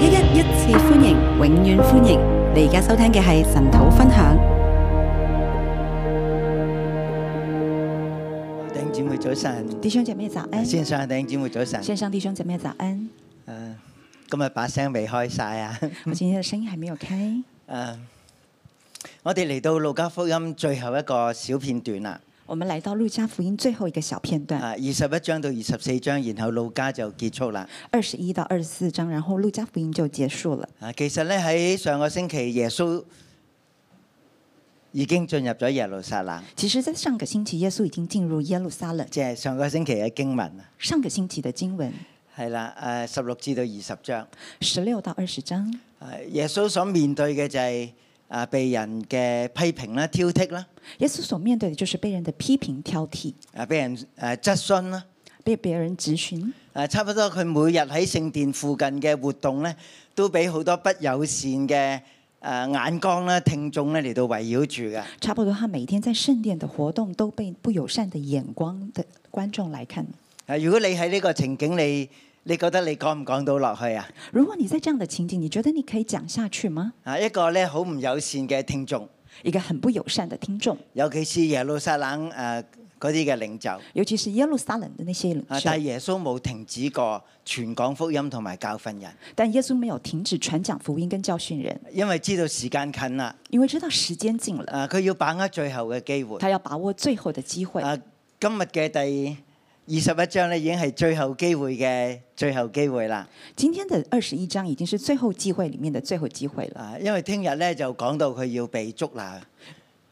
一一一次歡迎，永遠歡迎！你而家收聽嘅係神土分享。弟兄姊妹早晨，弟兄姊妹早安，先生，弟兄姊妹早晨，先生，弟兄姊妹早安。誒，今日把聲未開晒啊！我今日聲音係咪有開？誒，我哋嚟到路加福音最後一個小片段啦。我們來到《路加福音》最後一個小片段。啊，二十一章到二十四章，然後《路加》就結束啦。二十一到二十四章，然後《路加福音》就結束了。啊，其實呢，喺上個星期耶穌已經進入咗耶路撒冷。其實，在上個星期耶穌已經進入耶路撒冷。即係上個星期嘅經文。上個星期嘅經文。係啦，誒，十六至到二十章。十六到二十章。啊，耶穌所面對嘅就係、是。啊！被人嘅批評啦、挑剔啦，耶穌所面對嘅就是被人嘅批評、挑剔。啊！被人誒、呃、質詢啦，被別人質詢。啊，差不多佢每日喺聖殿附近嘅活動咧，都俾好多不友善嘅誒眼光啦、聽眾咧嚟到圍繞住嘅。差不多，他每天在聖殿嘅活動都被不友善的眼光的觀眾來看。啊，如果你喺呢個情景你。你覺得你講唔講到落去啊？如果你在這樣的情景，你覺得你可以講下去嗎？啊，一個咧好唔友善嘅聽眾，一個很不友善嘅聽眾，尤其是耶路撒冷誒嗰啲嘅領袖，尤其是耶路撒冷的那些領袖。啊，但耶穌冇停止過傳講福音同埋教訓人，但耶穌沒有停止傳講福音跟教訓人，因為知道時間近啦，因為知道時間近了。啊，佢要把握最後嘅機會，他要把握最後嘅機會。啊，今日嘅第。二十一章咧，已經係最後機會嘅最後機會啦。今天的二十一章已經是最後機會裏面的最後機會啦。因為聽日咧，就講到佢要被捉拿，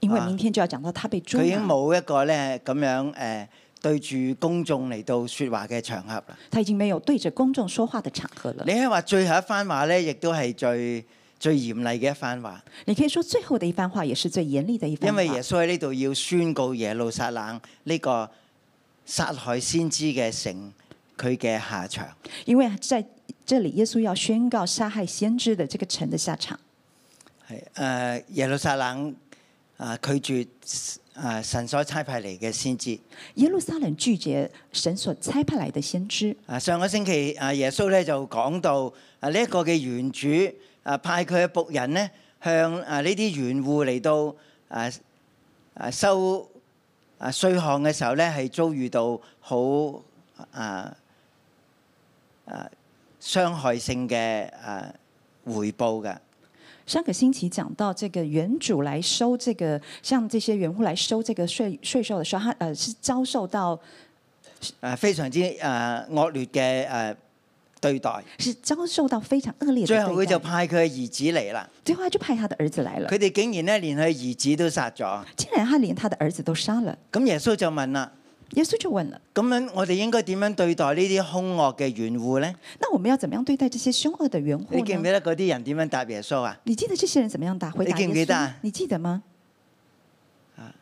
因為明天就要講到他被捉。佢已經冇一個咧咁樣誒對住公眾嚟到說話嘅場合啦。他已經沒有對着公眾說話嘅場合了。你係話最後一番話咧，亦都係最最嚴厲嘅一番話。你可以說最後的一番話，也是最嚴厲的一番。因為耶穌喺呢度要宣告耶路撒冷呢個。殺害先知嘅城，佢嘅下場。因為在這裡，耶穌要宣告殺害先知的這個城的下場。係誒，耶路撒冷啊，拒絕啊神所差派嚟嘅先知。耶路撒冷拒絕神所差派嚟嘅先知。啊，上個星期啊，耶穌咧就講到啊呢一個嘅園主啊派佢嘅僕人咧向啊呢啲園戶嚟到啊啊收。啊，稅項嘅時候咧，係遭遇到好啊啊傷害性嘅啊回報嘅。上個星期講到，這個園主來收這個，向這些園戶來收這個稅稅，稅收嘅時候，他呃，是遭受到啊非常之啊惡劣嘅誒。啊對待是遭受到非常惡劣的對待。最後佢就派佢嘅兒子嚟啦。最後就派他的兒子來了。佢哋竟然咧連佢嘅兒子都殺咗。竟然他連他的兒子都殺了。咁耶穌就問啦，耶穌就問啦。咁樣我哋應該點樣對待呢啲凶惡嘅園戶咧？那我們要怎麼樣對待這些凶惡的園戶？你記唔記得嗰啲人點樣答耶穌啊？你記得這些人怎麼樣回答？你記唔記得、啊？你記得嗎？啊、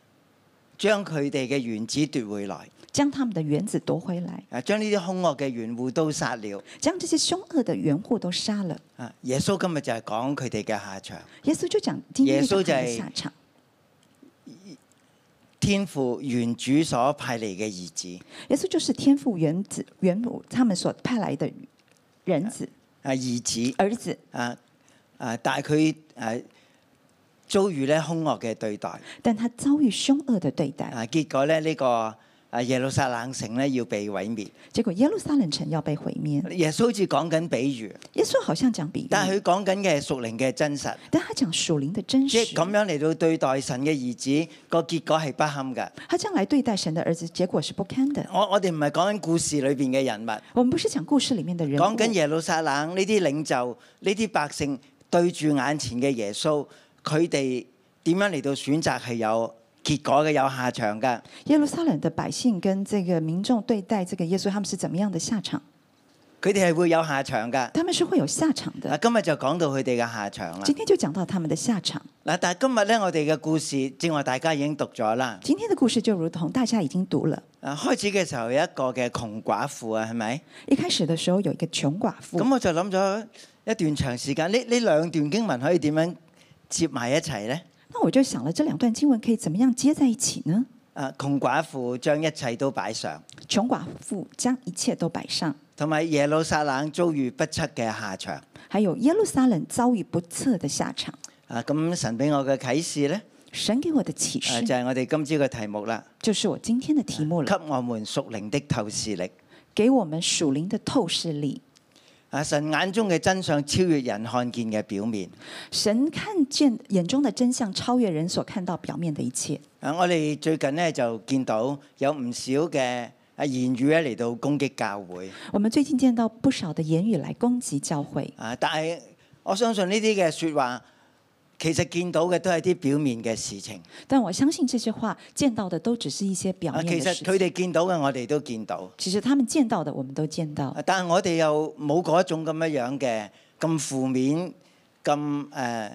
將佢哋嘅園子奪回來。將他們的園子奪回來，啊！將呢啲凶惡嘅園戶都殺了，將這些凶惡嘅園戶都殺了。啊！耶穌今日就係講佢哋嘅下場。耶穌就講，耶穌就係天父園主所派嚟嘅兒子。耶穌就是天父原子原母他們所派嚟嘅人子。啊，兒、啊、子，兒子。啊啊，但係佢誒遭遇咧凶惡嘅對待，但他遭遇凶惡嘅對待。啊，結果咧呢、這個。啊，耶路撒冷城咧要被毀滅，結果耶路撒冷城要被毀滅。耶穌好似講緊比喻，耶穌好像講比喻，但係佢講緊嘅屬靈嘅真實。但佢講屬靈的真實，即咁樣嚟到對待神嘅兒子，個結果係不堪㗎。他將來對待神嘅兒子，結果是不堪的。我我哋唔係講緊故事裏面嘅人物，我們不是講故事裏面嘅人物。講緊耶路撒冷呢啲領袖，呢啲百姓對住眼前嘅耶穌，佢哋點樣嚟到選擇係有？結果嘅有下場噶。耶路撒冷嘅百姓跟這個民眾對待這個耶穌，他們是怎麼樣的下場？佢哋係會有下場噶。他們是會有下場的。嗱，今日就講到佢哋嘅下場啦。今天就講到他們的下場。嗱，但係今日呢，我哋嘅故事正話大家已經讀咗啦。今天嘅故事就如同大家已經讀了。啊，開始嘅時候有一個嘅窮寡婦啊，係咪？一開始嘅時候有一個窮寡婦。咁我就諗咗一段長時間，呢呢兩段經文可以點樣接埋一齊呢？那我就想了，這兩段經文可以怎麼樣接在一起呢？啊，窮寡婦將一切都擺上。窮寡婦將一切都擺上。同埋耶路撒冷遭遇不測嘅下場。還有耶路撒冷遭遇不測的下場。啊，咁神俾我嘅啟示咧？神給我嘅啟示就係我哋今朝嘅題目啦。就是我今天的題目啦。給我們屬靈的透視力。給我們屬靈的透視力。啊，神眼中嘅真相超越人看見嘅表面，神看見眼中的真相超越人所看到表面的一切。啊，我哋最近咧就見到有唔少嘅啊言語咧嚟到攻擊教會。我們最近見到不少的言語來攻擊教會。啊，但係我相信呢啲嘅說話。其實見到嘅都係啲表面嘅事情，但我相信這些話見到的都只是一些表面。其實佢哋見到嘅，我哋都見到。其實他們見到的，我們都見到。但係我哋又冇嗰種咁樣樣嘅咁負面、咁誒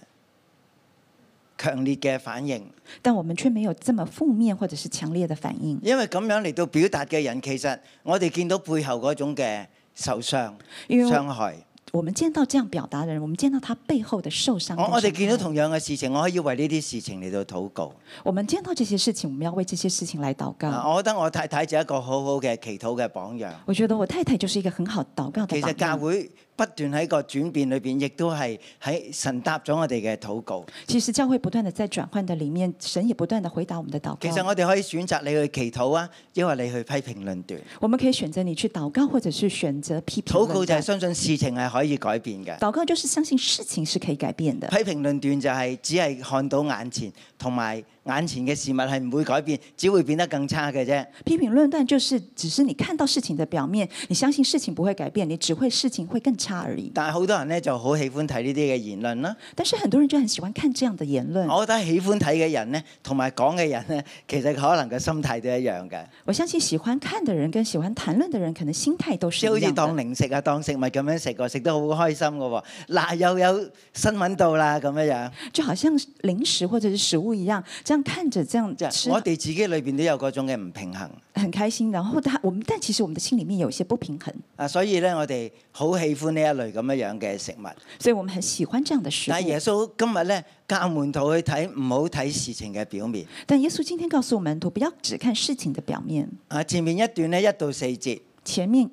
強烈嘅反應。但我們卻沒有這麼負面或者是強烈的反應。因為咁樣嚟到表達嘅人，其實我哋見到背後嗰種嘅受傷、傷害。我們見到這樣表達的人，我們見到他背後的受傷，傷。我我哋見到同樣嘅事情，我可以為呢啲事情嚟到禱告。我們見到這些事情，我們要為這些事情來禱告。我覺得我太太就係一個好好嘅祈禱嘅榜樣。我覺得我太太就是一個很好禱告的。其實教會。不斷喺個轉變裏邊，亦都係喺神答咗我哋嘅禱告。其實教會不斷地在轉換嘅裏面，神也不斷地回答我們的禱告。其實我哋可以選擇你去祈禱啊，亦或你去批評論斷。我們可以選擇你去禱告，或者是選擇批評論斷。禱告就係相信事情係可以改變嘅。禱告就是相信事情是可以改變嘅。批評論斷就係只係看到眼前，同埋。眼前嘅事物係唔會改變，只會變得更差嘅啫。批評論斷就是，只是你看到事情的表面，你相信事情不會改變，你只會事情會更差而已。但係好多人呢，就好喜歡睇呢啲嘅言論啦。但是很多人就很喜歡看這樣的言論。我覺得喜歡睇嘅人呢，同埋講嘅人呢，其實可能嘅心態都一樣嘅。我相信喜歡看嘅人跟喜歡談論嘅人，可能心態都是一樣。好似當零食啊、當食物咁樣食個、啊，食得好開心嘅喎、啊。嗱又有，有新聞到啦，咁樣樣。就好像零食或者是食物一樣。但看着這樣，我哋自己裏邊都有嗰種嘅唔平衡。很開心，然後他我們但其實我們的心裏面有些不平衡。啊，所以咧我哋好喜歡呢一類咁樣樣嘅食物。所以我們很喜歡這樣的食物。但耶穌今日呢，教門徒去睇，唔好睇事情嘅表面。但耶穌今天告訴我們門徒，不要只看事情的表面。啊，前面一段呢，一到四節，前面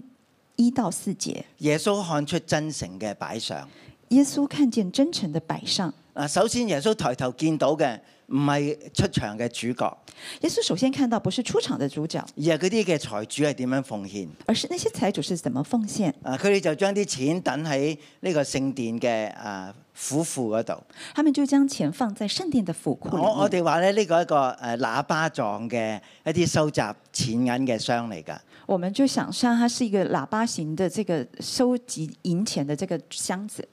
一到四節，耶穌看出真誠嘅擺上，耶穌看見真誠的擺上。啊，首先耶穌抬頭見到嘅唔係出場嘅主角。耶穌首先看到不是出場的主角，而係嗰啲嘅財主係點樣奉獻。而是那些財主是怎麼奉獻？啊，佢哋就將啲錢等喺呢個聖殿嘅啊府庫嗰度。他們就將錢放在聖殿嘅府庫。我我哋話咧，呢個一個誒喇叭狀嘅一啲收集錢銀嘅箱嚟㗎。我們就想象它是一個喇叭型嘅這個收集銀錢嘅這個箱子。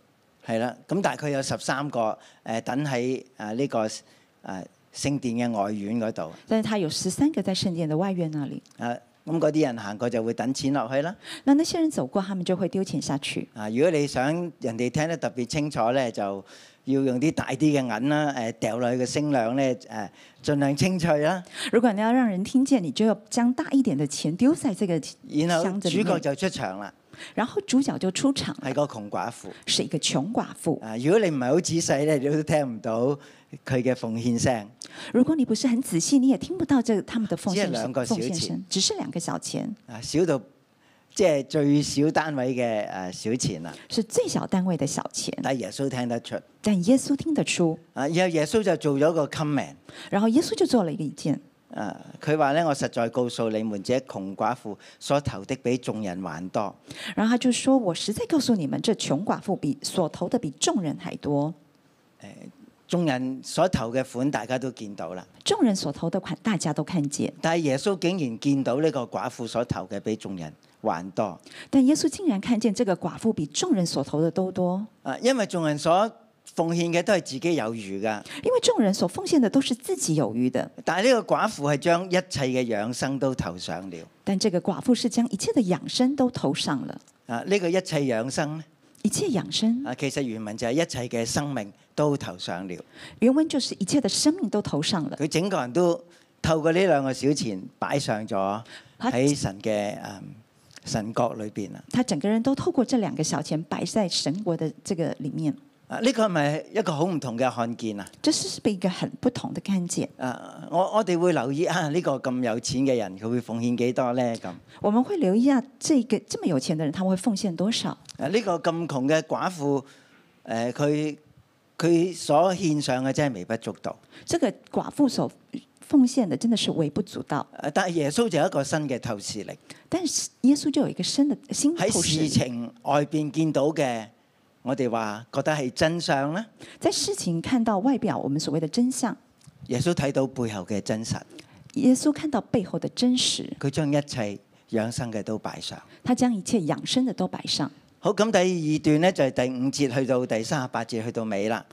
係啦，咁大概有十三個誒、呃，等喺啊呢個。啊！聖殿嘅外院嗰度，但是他有十三個在聖殿嘅外院那裏。啊，咁、嗯、啲人行過就會等錢落去啦。那那些人走過，他們就會丟錢下去。啊，如果你想人哋聽得特別清楚咧，就要用啲大啲嘅銀啦。誒、啊，掉落去嘅聲量咧，誒、啊，盡量清脆啦、啊。如果你要讓人聽見，你就要將大一點嘅錢丟晒。這個然後主角就出場啦。然後主角就出場，係個窮寡婦，是一個窮寡婦。啊，如果你唔係好仔細咧，你都聽唔到佢嘅奉獻聲。如果你不是很仔細，你也聽不到這他們的奉獻聲。兩個小錢，只是兩個小錢，啊，小到即係、就是、最小單位嘅誒，小錢啦，是最小單位嘅小錢。但耶穌聽得出，但耶穌聽得出。啊，然後耶穌就做咗個 comment，然後耶穌就做了一個意見。啊！佢話咧，我實在告訴你們，這窮寡婦所投的比眾人還多。然後他就說，我實在告訴你們，這窮寡婦比所投的比眾人還多。誒，呃，眾人所投嘅款，大家都見到啦。眾人所投的款大家都看見，但係耶穌竟然見到呢個寡婦所投嘅，比眾人還多。但耶穌竟然看見這個寡婦比眾人所投的都多。啊，因為眾人所奉獻嘅都係自己有餘噶，因為眾人所奉獻的都是自己有餘的。但係呢個寡婦係將一切嘅養生都投上了。但這個寡婦是將一切嘅養生都投上了。啊，呢、這個一切養生呢？一切養生啊，其實原文就係一切嘅生命都投上了。原文就是一切嘅生命都投上了。佢整個人都透過呢兩個小錢擺上咗喺神嘅神國裏邊啊。他整個人都透過這兩個小錢擺、嗯嗯、擺在神國的這個裡面。啊！呢個係咪一個好唔同嘅看見啊？這個、是俾一個很不同的看見啊的。啊！我我哋會留意啊！呢個咁有錢嘅人，佢會奉獻幾多咧？咁，我們會留意下、啊、這個這麼有錢嘅人，他會奉獻多、這個、多少？啊！呢、這個咁窮嘅寡婦，誒佢佢所獻上嘅真係微不足道。這個寡婦所奉獻嘅真的是微不足道。誒、啊，但係耶穌就有一個新嘅透視力。但係耶穌就有一個新嘅新的新的透視喺事情外邊見到嘅。我哋話覺得係真相呢，在事情看到外表，我們所謂的真相，耶穌睇到背後嘅真實，耶穌看到背後嘅真實。佢將一切養生嘅都擺上，他將一切養生嘅都擺上。好，咁第二段呢，就係、是、第五節去到第三十八節去到尾啦。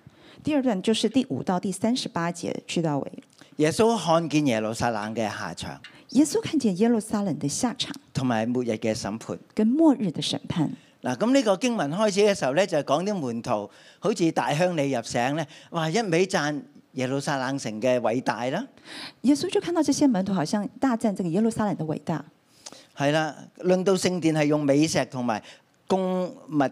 第二段就是第五到第三十八節去到尾。耶穌看見耶路撒冷嘅下場，耶穌看見耶路撒冷的下場，同埋末日嘅審判，跟末日嘅審判。嗱，咁呢個經文開始嘅時候咧，就講、是、啲門徒好似大鄉里入城咧，話一味讚耶路撒冷城嘅偉大啦。耶穌就看到這些門徒，好像大讚這個耶路撒冷嘅偉大。係啦，論到聖殿係用美石同埋供物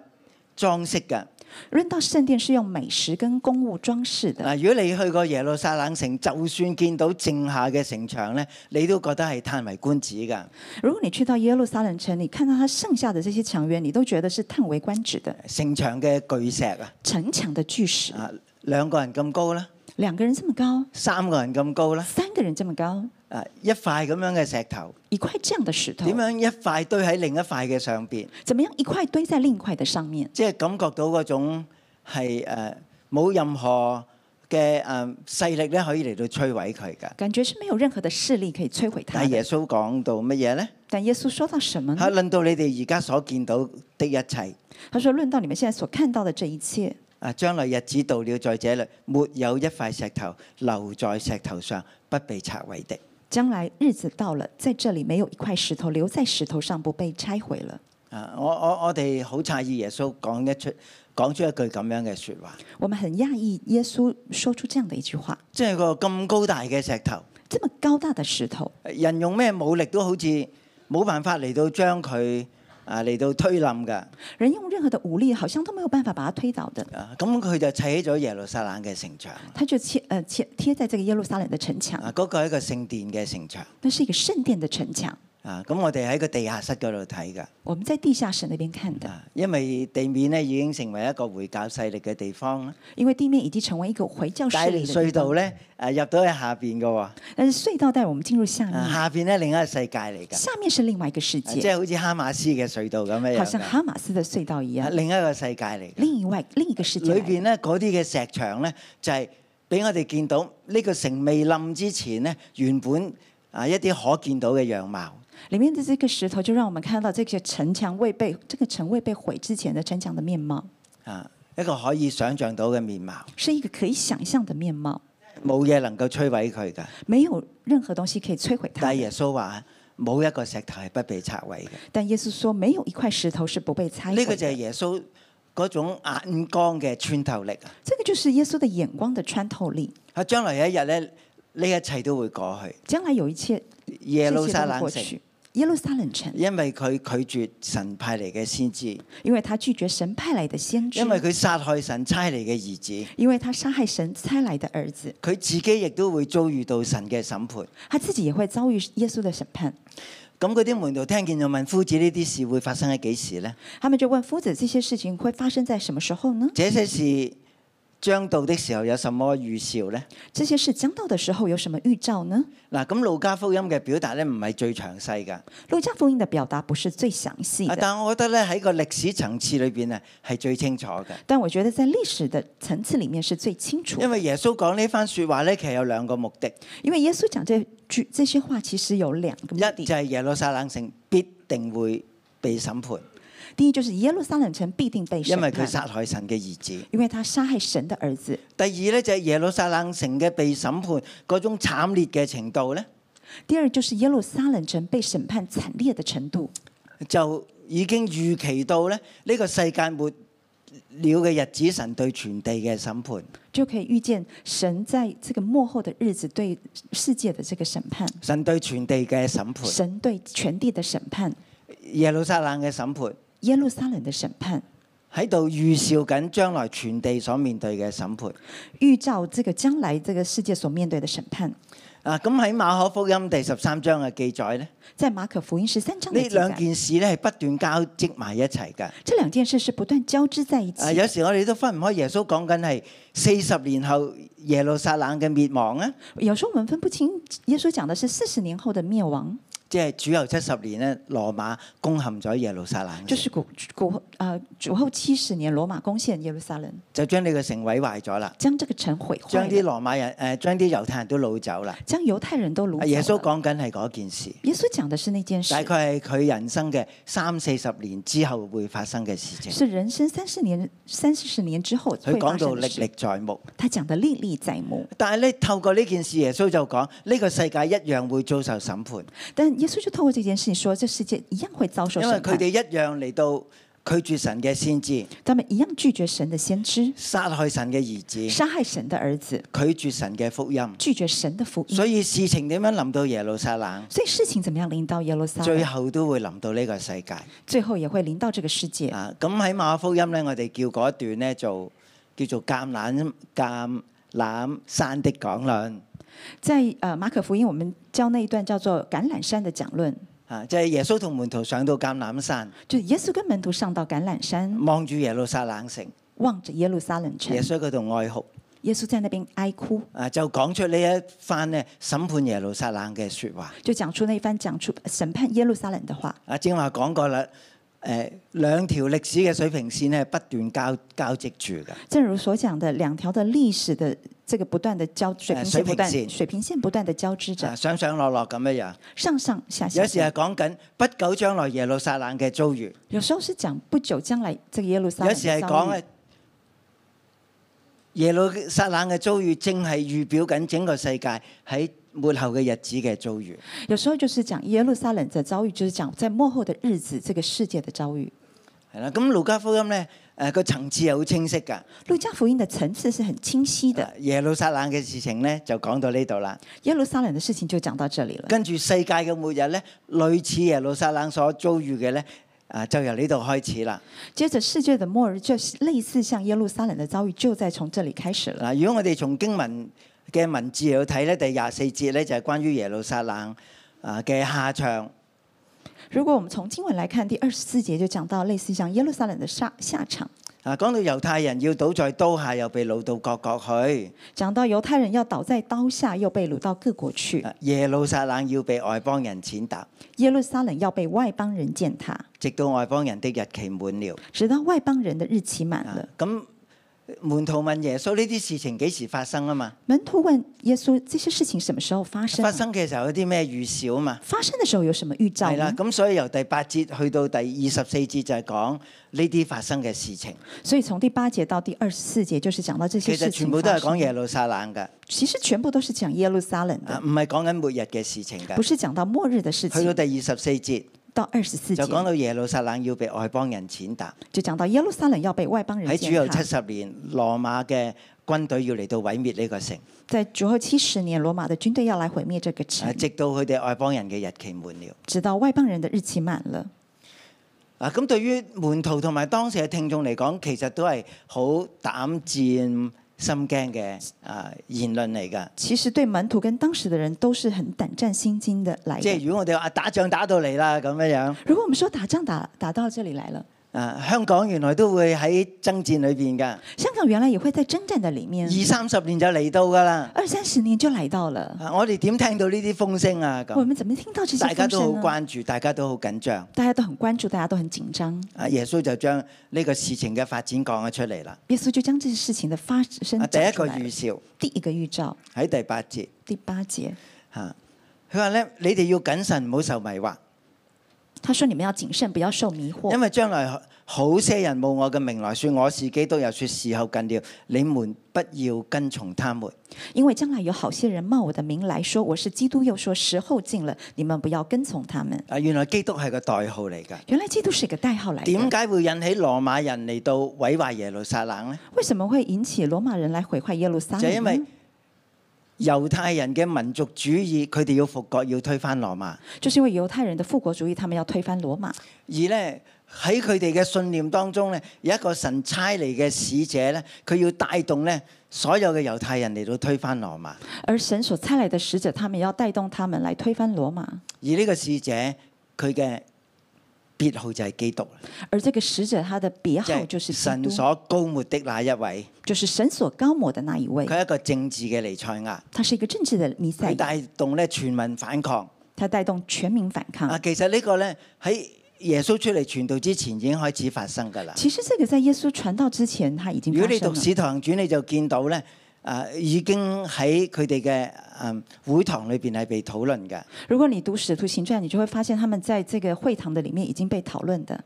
裝飾嘅。論到聖殿是用美石跟供物裝飾的。嗱，如果你去過耶路撒冷城，就算見到剩下嘅城牆呢，你都覺得係嘆為觀止噶。如果你去到耶路撒冷城，你看到他剩下的這些牆垣，你都覺得是嘆為觀止的城牆嘅巨石啊！城牆的巨石啊，兩個人咁高啦，兩個人這麼高，三個人咁高啦，三個人這麼高。一塊咁樣嘅石頭，一塊這樣嘅石頭，點樣一塊堆喺另一塊嘅上邊？怎麼樣一塊堆在另一塊嘅上面？即係感覺到嗰種係冇任何嘅誒勢力咧，可以嚟到摧毀佢嘅。感覺是沒有任何嘅勢力可以摧毀它。但耶穌講到乜嘢呢？但耶穌說到什麼咧？佢論到你哋而家所見到的一切，他說論到你們現在所看到的這一切。啊，將來日子到了，在這裡沒有一塊石頭留在石頭上，不被拆毀的。將來日子到了，在這裏沒有一塊石頭留在石頭上，不被拆毀了。我我我哋好詫異耶穌講一出講出一句咁樣嘅說話。我們很訝異耶穌說出這樣的一句話。即係個咁高大嘅石頭，這麼高大的石頭，人用咩武力都好似冇辦法嚟到將佢。啊，嚟到推冧㗎！人用任何嘅武力，好像都冇辦法把它推倒嘅。咁佢就砌起咗耶路撒冷嘅城牆，佢就貼，誒貼貼在這個耶路撒冷嘅城牆。嗰、啊那個係一個聖殿嘅城牆，那是一個聖殿嘅城牆。啊！咁我哋喺個地下室嗰度睇噶。我們在地下室那邊看的。啊，因為地面咧已經成為一個回教勢力嘅地方啦。因為地面已經成為一個回教勢力嘅地方。地室的地方隧道咧，誒、啊、入到去下邊嘅喎。但係隧道帶我們進入下面。啊、下邊咧，另一個世界嚟嘅。下面是另外一個世界。啊、即係好似哈馬斯嘅隧道咁樣。好像哈馬斯嘅隧道一樣、啊。另一個世界嚟。另外另一個世界的。裏邊咧，嗰啲嘅石牆咧，就係、是、俾我哋見到呢個城未冧之前咧，原本啊一啲可見到嘅樣貌。裏面的這個石頭就讓我們看到這些城牆未被這個城未被毀之前的城牆的面貌啊，一個可以想象到嘅面貌，是一個可以想象的面貌，冇嘢能夠摧毀佢噶，沒有任何東西可以摧毀佢。但耶穌話冇一個石頭係不被拆毀嘅，但耶穌說,沒有,耶穌說沒有一塊石頭是不被拆毀。呢、這個就係耶穌嗰種眼光嘅穿透力啊，這個就是耶穌的眼光的穿透力。啊，將來有一日呢，呢一切都會過去。將來有一切耶路撒冷城。冷耶路撒冷因為佢拒絕神派嚟嘅先知，因為他拒絕神派嚟嘅先知，因為佢殺害神差嚟嘅兒子，因為他殺害神差嚟嘅兒子，佢自己亦都會遭遇到神嘅審判，他自己也會遭遇耶穌的審判。咁嗰啲門徒聽見就問夫子：呢啲事會發生喺幾時呢？他們就問夫子：這些事情會發生在什麼時候呢？這些事。將到的時候有什麼預兆呢？這些事將到的時候有什麼預兆呢？嗱，咁路加福音嘅表達咧，唔係最詳細噶。路加福音的表達不是最詳細。但我覺得咧喺個歷史層次裏邊咧係最清楚嘅。但我覺得在歷史的層次裏面是最清楚。因為耶穌講呢番說話咧，其實有兩個目的。因為耶穌講這句這些話，其實有兩個目的。一就係耶路撒冷城必定會被審判。第一就是耶路撒冷城必定被審判，因為佢殺害神嘅兒子，因為他殺害神的兒子。第二咧，就係耶路撒冷城嘅被審判嗰種慘烈嘅程度咧。第二就是耶路撒冷城被審判慘烈的程度，就已經預期到咧呢個世界末了嘅日子，神對全地嘅審判就可以預見，神在這個末後的日子對世界的這個審判，神對全地嘅審判，神對全地的審判，耶路撒冷嘅審判。耶路撒冷的審判喺度預兆緊將來全地所面對嘅審判，預兆這個將來這個世界所面對嘅審判。啊，咁喺馬可福音第十三章嘅記載呢，即係馬可福音十三章呢兩件事呢，係不斷交織埋一齊噶。這兩件事是不斷交織在一起。有時我哋都分唔開，耶穌講緊係四十年後耶路撒冷嘅滅亡啊。有時候我們分不清，耶穌講的是四十年後的滅亡。即係主後七十年咧，羅馬攻陷咗耶路撒冷。就是、呃、主後七十年，羅馬攻陷耶路撒冷。就將你個城毀壞咗啦。將這個城毀壞。將啲羅馬人誒、呃，將啲猶太人都擄走啦。將猶太人都擄走。耶穌講緊係嗰件事。耶穌講的是那件事。大概係佢人生嘅三四十年之後會發生嘅事情。是人生三四年、三四十年之後。佢講到歷歷在目。他講得歷歷在目。但係咧，透過呢件事，耶穌就講呢、呢個世界一樣會遭受審判。但耶穌就透過這件事情說，這世界一樣會遭受審判。因為佢哋一樣嚟到拒絕神嘅先知。但咪一樣拒絕神嘅先知，殺害神嘅兒子，殺害神的兒子，拒絕神嘅福音，拒絕神的福音。所以事情點樣臨到耶路撒冷？所以事情怎麼樣臨到耶路撒冷？最後都會臨到呢個世界。最後也會臨到這個世界。啊，咁喺馬可福音咧，我哋叫嗰一段咧做叫，叫做橄欖橄欖山的講論。在誒馬可福音，我們教那一段叫做橄欖山的講論，啊，就係耶穌同門徒上到橄欖山，就耶穌跟門徒上到橄欖山，望住耶路撒冷城，望着耶路撒冷城，耶穌嗰度哀哭，耶穌在那邊哀哭，啊，就講出呢一番呢審判耶路撒冷嘅說話，就講出那一番講出審判耶路撒冷的話，阿正話講過啦。誒，兩條歷史嘅水平線係不斷交交織住嘅。正如所講的，兩條的歷史嘅這個不斷嘅交水，水平線，水平線不斷嘅交織着，上上落落咁樣樣。上上下下，下。有時係講緊不久將來耶路撒冷嘅遭遇。有時候是講不久將來即耶路撒。有時係講耶路撒冷嘅遭，遭遇正係預表緊整個世界喺。末後嘅日子嘅遭遇，有時候就是講耶路撒冷嘅遭遇，就是講在末後的日子，這個世界嘅遭遇係啦。咁路加福音咧，誒、呃這個層次係好清晰噶。路加福音嘅層次是很清晰的。耶路撒冷嘅事情咧就講到呢度啦。耶路撒冷嘅事情就講到這裏了。跟住世界嘅末日咧，類似耶路撒冷所遭遇嘅咧，啊就由呢度開始啦。接着世界的末日就類似像耶路撒冷嘅遭遇，就在從這裏開始啦。如果我哋從經文。嘅文字嚟睇咧，第廿四節咧就係關於耶路撒冷啊嘅下場。如果我們從經文來看，第二十四節就講到類似像耶路撒冷的下下場。啊，講到猶太人要倒在刀下，又被擄到各國去。講到猶太人要倒在刀下，又被擄到各國去。耶路撒冷要被外邦人踐踏。耶路撒冷要被外邦人踐踏。直到外邦人的日期滿了。直到外邦人的日期滿了。咁，啊。門徒問耶穌：呢啲事情幾時發生啊嘛？門徒問耶穌：這些事情什麼時候發生？發生嘅時候有啲咩預兆啊嘛？發生嘅時候有什麼預兆？係啦，咁所以由第八節去到第二十四節就係講呢啲發生嘅事情。所以從第八節到第二十四節，就是講到這些事情。其實全部都係講耶路撒冷噶。其實全部都是講耶路撒冷。唔係講緊、啊、末日嘅事情噶。不是講到末日嘅事情。去到第二十四節。到二十四就講到耶路撒冷要被外邦人踐踏，就講到耶路撒冷要被外邦人，喺主後七十年羅馬嘅軍隊要嚟到毀滅呢個城，在主後七十年羅馬嘅軍隊要嚟毀滅這個城，直到佢哋外邦人嘅日期滿了，直到外邦人嘅日期滿了。嗱、啊、咁對於門徒同埋當時嘅聽眾嚟講，其實都係好膽戰。嗯心驚嘅啊言論嚟噶，其實對門徒跟當時的人都是很膽戰心驚的來的。即係如果我哋話、啊、打仗打到嚟啦咁樣樣。如果我們說打仗打打到這裏來了。啊！香港原來都會喺爭戰裏邊噶。香港原來也會在爭戰嘅裏面。二三十年就嚟到噶啦。二三十年就嚟到了。我哋點聽到呢啲風聲啊？咁。我們怎麼聽到這些風聲、啊、大家都好關注，大家都好緊張。大家都很關注，大家都很緊張。啊！耶穌就將呢個事情嘅發展講咗出嚟啦。耶穌就將這些事情的發生、啊。第一個預兆。啊、第一個預兆喺第八節。第八節。吓、啊，佢話咧：，你哋要謹慎，唔好受迷惑。他說：你們要謹慎，不要受迷惑。因為將來好些人冒我嘅名來說我是基督，又說時候近了，你們不要跟從他們。因為將來有好些人冒我的名來說我是基督，又說時候近了，你們不要跟從他們。啊，原來基督係個代號嚟噶。原來基督是個代號嚟。點解會引起羅馬人嚟到毀壞耶路撒冷呢？為什麼會引起羅馬人來毀壞耶路撒冷？就因為。猶太人嘅民族主義，佢哋要復國，要推翻羅馬。就是因為猶太人的復國主義，他們要推翻羅馬。而呢喺佢哋嘅信念當中，呢有一個神差嚟嘅使者，呢佢要帶動呢所有嘅猶太人嚟到推翻羅馬。而神所差嚟嘅使者，他們要帶動他們來推翻羅馬。而呢個使者，佢嘅他別號就係基督，而這個使者他的別號就,就是神所膏抹的那一位，就是神所膏抹的那一位。佢係一個政治嘅彌賽亞，他是一個政治的彌賽亞，佢帶動咧全民反抗，他帶動全民反抗。啊，其實呢個呢，喺耶穌出嚟傳道之前已經開始發生噶啦。其實這個在耶穌傳道之前，他已經如果你讀使徒行傳，你就見到呢。啊，已經喺佢哋嘅嗯會堂裏邊係被討論嘅。如果你讀《使徒行傳》，你就會發現他們喺這個會堂的裡面已經被討論的，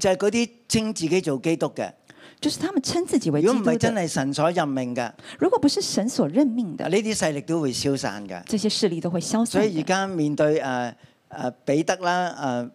就係嗰啲稱自己做基督嘅，就是他們稱自己為基督。如果唔係真係神所任命嘅，如果不是神所任命的，呢啲勢力都會消散嘅。這些勢力都會消散。所以而家面對誒誒、啊啊、彼得啦誒。啊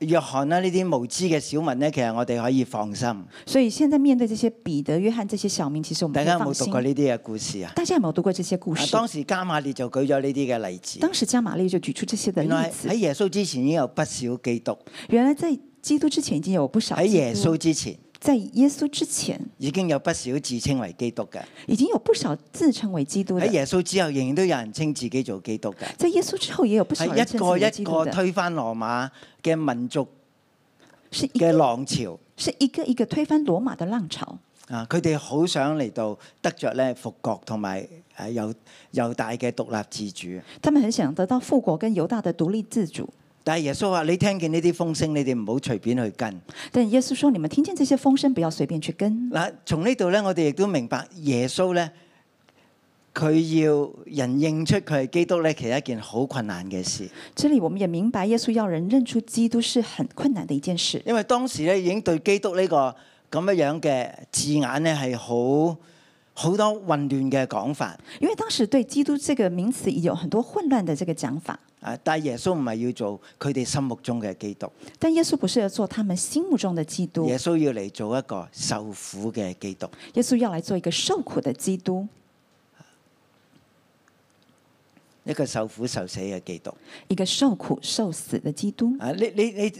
約翰啦，呢啲無知嘅小民咧，其實我哋可以放心。所以，現在面對這些彼得、約翰這些小民，其實我們大家有冇讀過呢啲嘅故事啊？大家有冇讀過這些故事？當時加馬利就舉咗呢啲嘅例子。當時加馬利就舉出這些的例子。喺耶穌之前已經有不少基督。原來在基督之前已經有不少。喺耶穌之前。在耶穌之前，已經有不少自稱為基督嘅，已經有不少自稱為基督嘅。喺耶穌之後，仍然都有人稱自己做基督嘅。即耶穌之後，也有不少一個一個推翻羅馬嘅民族嘅浪潮，是一個一個推翻羅馬嘅浪，浪潮。啊，佢哋好想嚟到得着咧復國同埋誒，猶猶大嘅獨立自主。他們很想得到復國跟猶大嘅獨立自主。但是耶穌話：你聽見呢啲風聲，你哋唔好隨便去跟。但耶穌說：你們聽見這些風聲，不要隨便去跟。嗱，從呢度呢，我哋亦都明白耶穌呢，佢要人認出佢係基督呢，其實一件好困難嘅事。這裏我們也明白，耶穌要人認出基督，是很困難的一件事。因為當時咧，已經對基督呢個咁樣樣嘅字眼呢，係好好多混亂嘅講法。因為當時對基督這個名詞，已有很多混亂的這個講法。啊！但係耶穌唔係要做佢哋心目中嘅基督，但耶穌不是要做他們心目中的基督。耶穌要嚟做一個受苦嘅基督，耶穌要嚟做一個受苦的基督，一個受苦受死嘅基督，一個受苦受死的基督。啊！你你你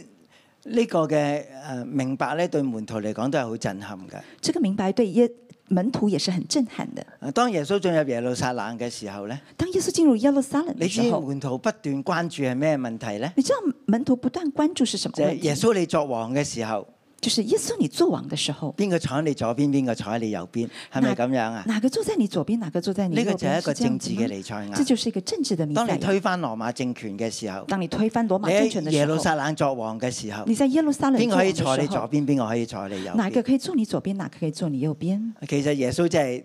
呢、這個嘅誒、呃、明白咧，對門徒嚟講都係好震撼嘅。這個明白對耶。門徒也是很震撼的。當耶穌進入耶路撒冷嘅時候咧，當耶穌進入耶路撒冷嘅時候，你知門徒不斷關注係咩問題咧？你知道門徒不斷關注是什麼問題？即係耶穌你作王嘅時候。就是耶穌你做王的時候，邊個坐喺你左邊，邊個坐喺你右邊，係咪咁樣啊？哪個坐在你左邊，哪個坐在你右邊？呢、這個就一個政治嘅理財啊、嗯！這就是一個政治的理、啊。當你推翻羅馬政權嘅時候，當你推翻羅馬政權嘅時候，你在耶路撒冷作王嘅時候，邊個可以坐你左邊，邊個可以坐喺你右？哪一個可以坐你左邊，哪個可以坐你右邊？其實耶穌真係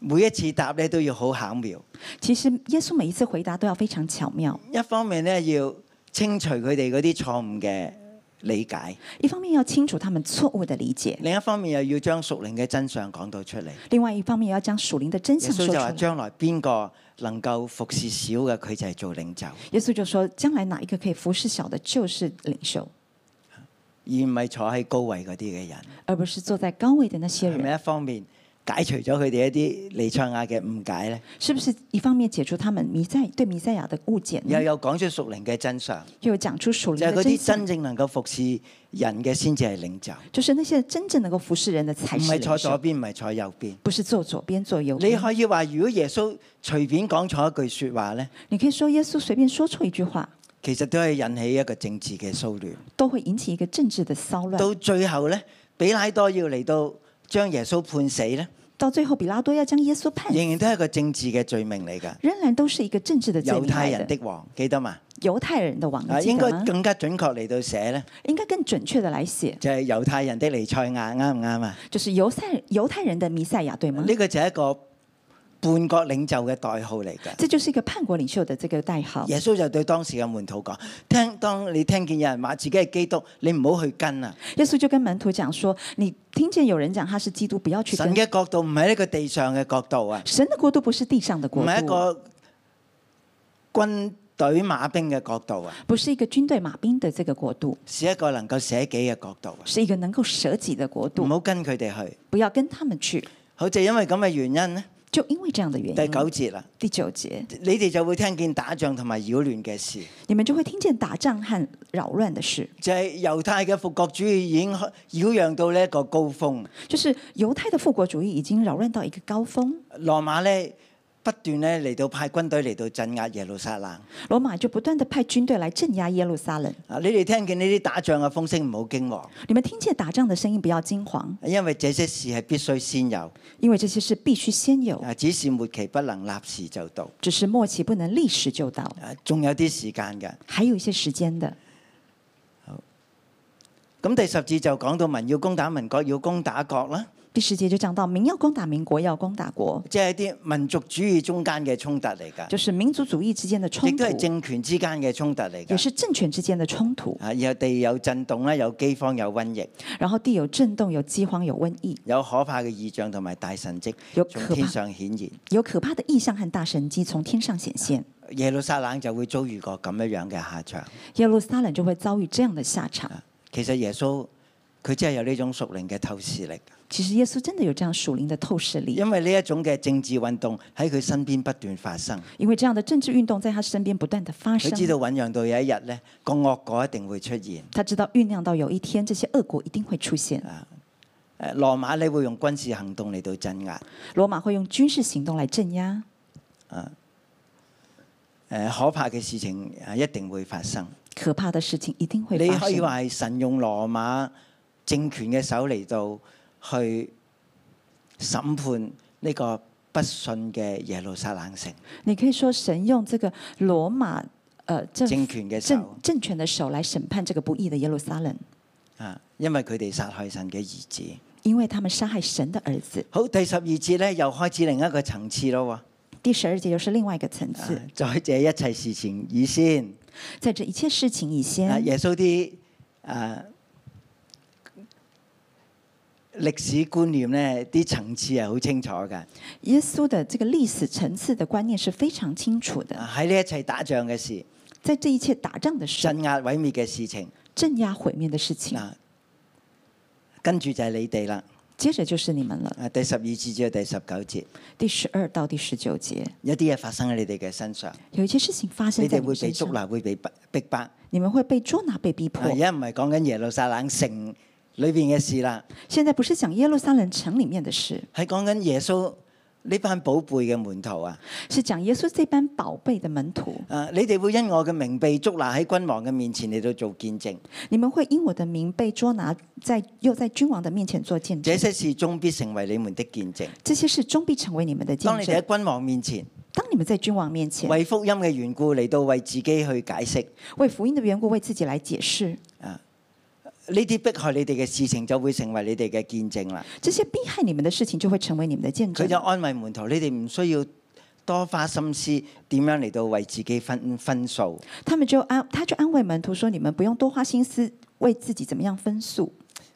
每一次答咧都要好巧妙。其實耶穌每一次回答都要非常巧妙。一方面咧要清除佢哋嗰啲錯誤嘅。理解，一方面要清楚他們錯誤的理解，另一方面又要將屬靈嘅真相講到出嚟。另外一方面要將屬靈的真相講到出嚟。耶穌就話將來邊個能夠服侍小嘅，佢就係做領袖。耶穌就說將來哪一個可以服侍小的，就是領袖，而唔係坐喺高位嗰啲嘅人。而不是坐在高位的那些人。係咪一方面？解除咗佢哋一啲彌賽亞嘅誤解咧，是不是一方面解除他們彌賽對彌賽亞的誤解，又有講出屬靈嘅真相，又有講出屬靈。就係嗰啲真正能夠服侍人嘅，先至係領袖。就是那些真正能夠服侍人嘅才。唔係坐左邊，唔係坐右邊。不是坐左邊，坐右。你可以話，如果耶穌隨便講錯一句說話咧，你可以說耶穌隨便說錯一句話，其實都係引起一個政治嘅騷亂，都會引起一個政治嘅騷亂。到最後咧，比拉多要嚟到。將耶穌判死咧，到最後比拉多要將耶穌判死，仍然都係一個政治嘅罪名嚟噶。仍然都是一個政治嘅罪名。猶太人的王，記得嘛？猶太人的王，應該更加準確嚟到寫咧。應該更準確的嚟寫，就係猶太人的彌賽亞，啱唔啱啊？就是猶太猶太人的彌賽亞，對嗎？呢個就係一個。叛國領袖嘅代號嚟嘅，這就是一個叛國領袖的這個代號。耶穌就對當時嘅門徒講，聽，當你聽見有人話自己係基督，你唔好去跟啊。耶穌就跟門徒講說，你聽見有人講他是基督，不要去跟。神嘅國度唔係一個地上嘅國度啊。神嘅國度不是地上嘅國度，唔係一個軍隊馬兵嘅國度啊。不是一個軍隊馬兵的這個國度，是一個能夠捨己嘅國度，啊，是一個能夠捨己的國度。唔好跟佢哋去，不要跟他們去。好似因為咁嘅原因咧。就因為這樣的原因。第九節啦。第九節。你哋就會聽見打仗同埋擾亂嘅事。你們就會聽見打仗和擾亂的事。就係、是、猶太嘅復國主義已經擾攘到呢一個高峰。就是猶太的復國主義已經擾亂到一個高峰。羅馬咧。不斷咧嚟到派軍隊嚟到鎮壓耶路撒冷，羅馬就不斷地派軍隊來鎮壓耶路撒冷。啊，你哋聽見呢啲打仗嘅風聲唔好驚惶。你們聽見打仗的聲音不要驚惶。因為這些事係必須先有，因為這些事必須先有。啊，只是末期不能立時就到，只是末期不能立時就到。仲有啲時間嘅，還有一些時間的。好，咁第十節就講到民要攻打民，國要攻打國啦。第十節就講到民要攻打民，國要攻打國，即係啲民族主義中間嘅衝突嚟噶。就是民族主義之間的衝突，亦都係政權之間嘅衝突嚟。也是政權之間嘅衝突。啊，然後地有震動啦，有饑荒，有瘟疫。然後地有震動，有饑荒，有瘟疫，有可怕嘅異象同埋大神蹟從天上顯現。有可怕的異象和大神蹟從天上顯現。耶路撒冷就會遭遇過咁樣樣嘅下場。耶路撒冷就會遭遇這樣的下場。啊，其實耶穌。佢真係有呢種屬靈嘅透視力。其實耶穌真的有這樣屬靈的透視力。因為呢一種嘅政治運動喺佢身邊不斷發生。因為這樣的政治運動在他身邊不斷地發生。佢知道醞釀到有一日呢個惡果一定會出現。他知道醞釀到有一天，這些惡果一定會出現。啊，誒，羅馬你會用軍事行動嚟到鎮壓。羅馬會用軍事行動來鎮壓。啊，誒，可怕嘅事情一定會發生。可怕的事情一定會發生。你可以話係神用羅馬。政權嘅手嚟到去審判呢個不信嘅耶路撒冷城。你可以說神用這個羅馬誒政、呃、政權嘅政政權嘅手來審判這個不義嘅耶路撒冷。啊，因為佢哋殺害神嘅兒子。因為他們殺害神的兒子。好，第十二節咧又開始另一個層次咯。第十二節又是另外一個層次，啊。在這一切事情以先，在這一切事情以先。耶穌啲啊。歷史觀念咧，啲層次係好清楚嘅。耶穌嘅這個歷史層次嘅觀念是非常清楚的。喺呢一切打仗嘅事，即係呢一切打仗嘅事，鎮壓毀滅嘅事情，鎮壓毀滅嘅事情。嗱，跟住就係你哋啦。接着就是你們了。啊，第十二至到第十九節，第十二到第十九節。有啲嘢發生喺你哋嘅身上。有一些事情發生喺你哋嘅身上。你哋會被捉拿，會被逼迫。你們會被捉拿被逼迫。而家唔係講緊耶路撒冷城，裏面嘅事啦，現在不是講耶路撒冷城裏面嘅事，係講緊耶穌呢班寶貝嘅門徒啊，是講耶穌這班寶貝嘅門徒。誒，你哋會因我嘅名被捉拿，喺君王嘅面前嚟到做見證。你們會因我的名被捉拿，在又在君王嘅面前做見證。這些事終必成為你們的見證。這些事終必成為你們的見證。當你哋喺君王面前，當你們在君王面前，為福音嘅緣故嚟到為自己去解釋，為福音的緣故為自己來解釋。啊。呢啲迫害你哋嘅事情就會成為你哋嘅見證啦。這些迫害你們的事情就會成為你們的見證。佢就安慰門徒：，你哋唔需要多花心思點樣嚟到為自己分分數。他們就安，他就安慰門徒，門徒說：你們不用多花心思為自己，怎麼樣分數。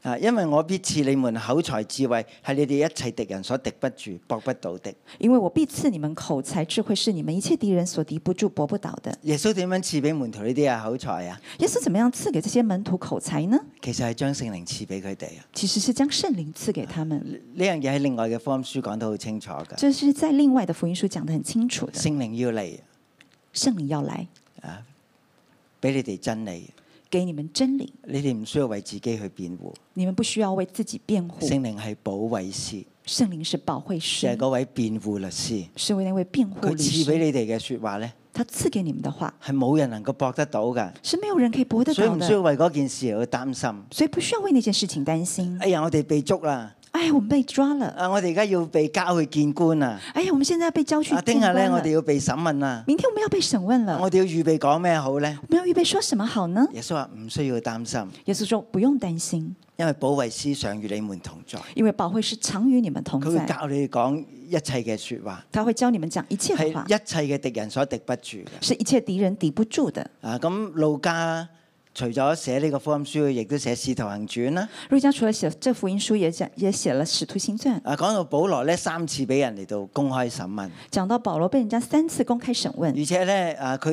啊！因為我必賜你們口才智慧，係你哋一切敵人所敵不住、搏不倒的。因為我必賜你們口才智慧，是你們一切敵人所敵不住、搏不倒的。耶穌點樣賜俾門徒呢啲啊？口才啊？耶穌怎麼樣賜給這些門徒口才呢？其實係將聖靈賜俾佢哋啊！其實是將聖靈賜給他們。呢樣嘢喺另外嘅福音書講得好清楚噶。就是在另外嘅福音書講得很清楚。聖靈要嚟，聖靈要嚟啊！俾你哋真理。給你們真理，你哋唔需要為自己去辯護。你們不需要為自己辯護。聖靈係保惠師，聖靈是保惠師。係嗰位辯護律師，是為那位辯護律師。佢賜俾你哋嘅說話咧，他賜給你們的話，係冇人能夠駁得到嘅，是沒有人可以駁得到，駁得到。所以唔需要為嗰件事而擔心，所以不需要為呢件事情擔心。哎呀，我哋被捉啦！哎，我們被抓了！啊，我哋而家要被交去見官啊！哎呀，我們現在被交去。啊，聽日咧，我哋要被審問啦！明天我們要被審問了。我哋要預備講咩好咧？我們要預備說什麼好呢？耶穌話唔需要擔心。耶穌說不用擔心，因為保惠師常與你們同在。因為保惠師是常與你們同在。佢會教你講一切嘅說話。他會教你們講一切話。一切嘅敵人所敵不住嘅，是一切敵人敵不住的。啊，咁路加，除咗寫呢個福音書，亦都寫《使徒行傳》啦。路加除了寫《這福音書》也，也寫也寫了《使徒行傳》。啊，講到保羅咧，三次俾人嚟到公開審問。講到保羅被人家三次公開審問。而且咧，啊，佢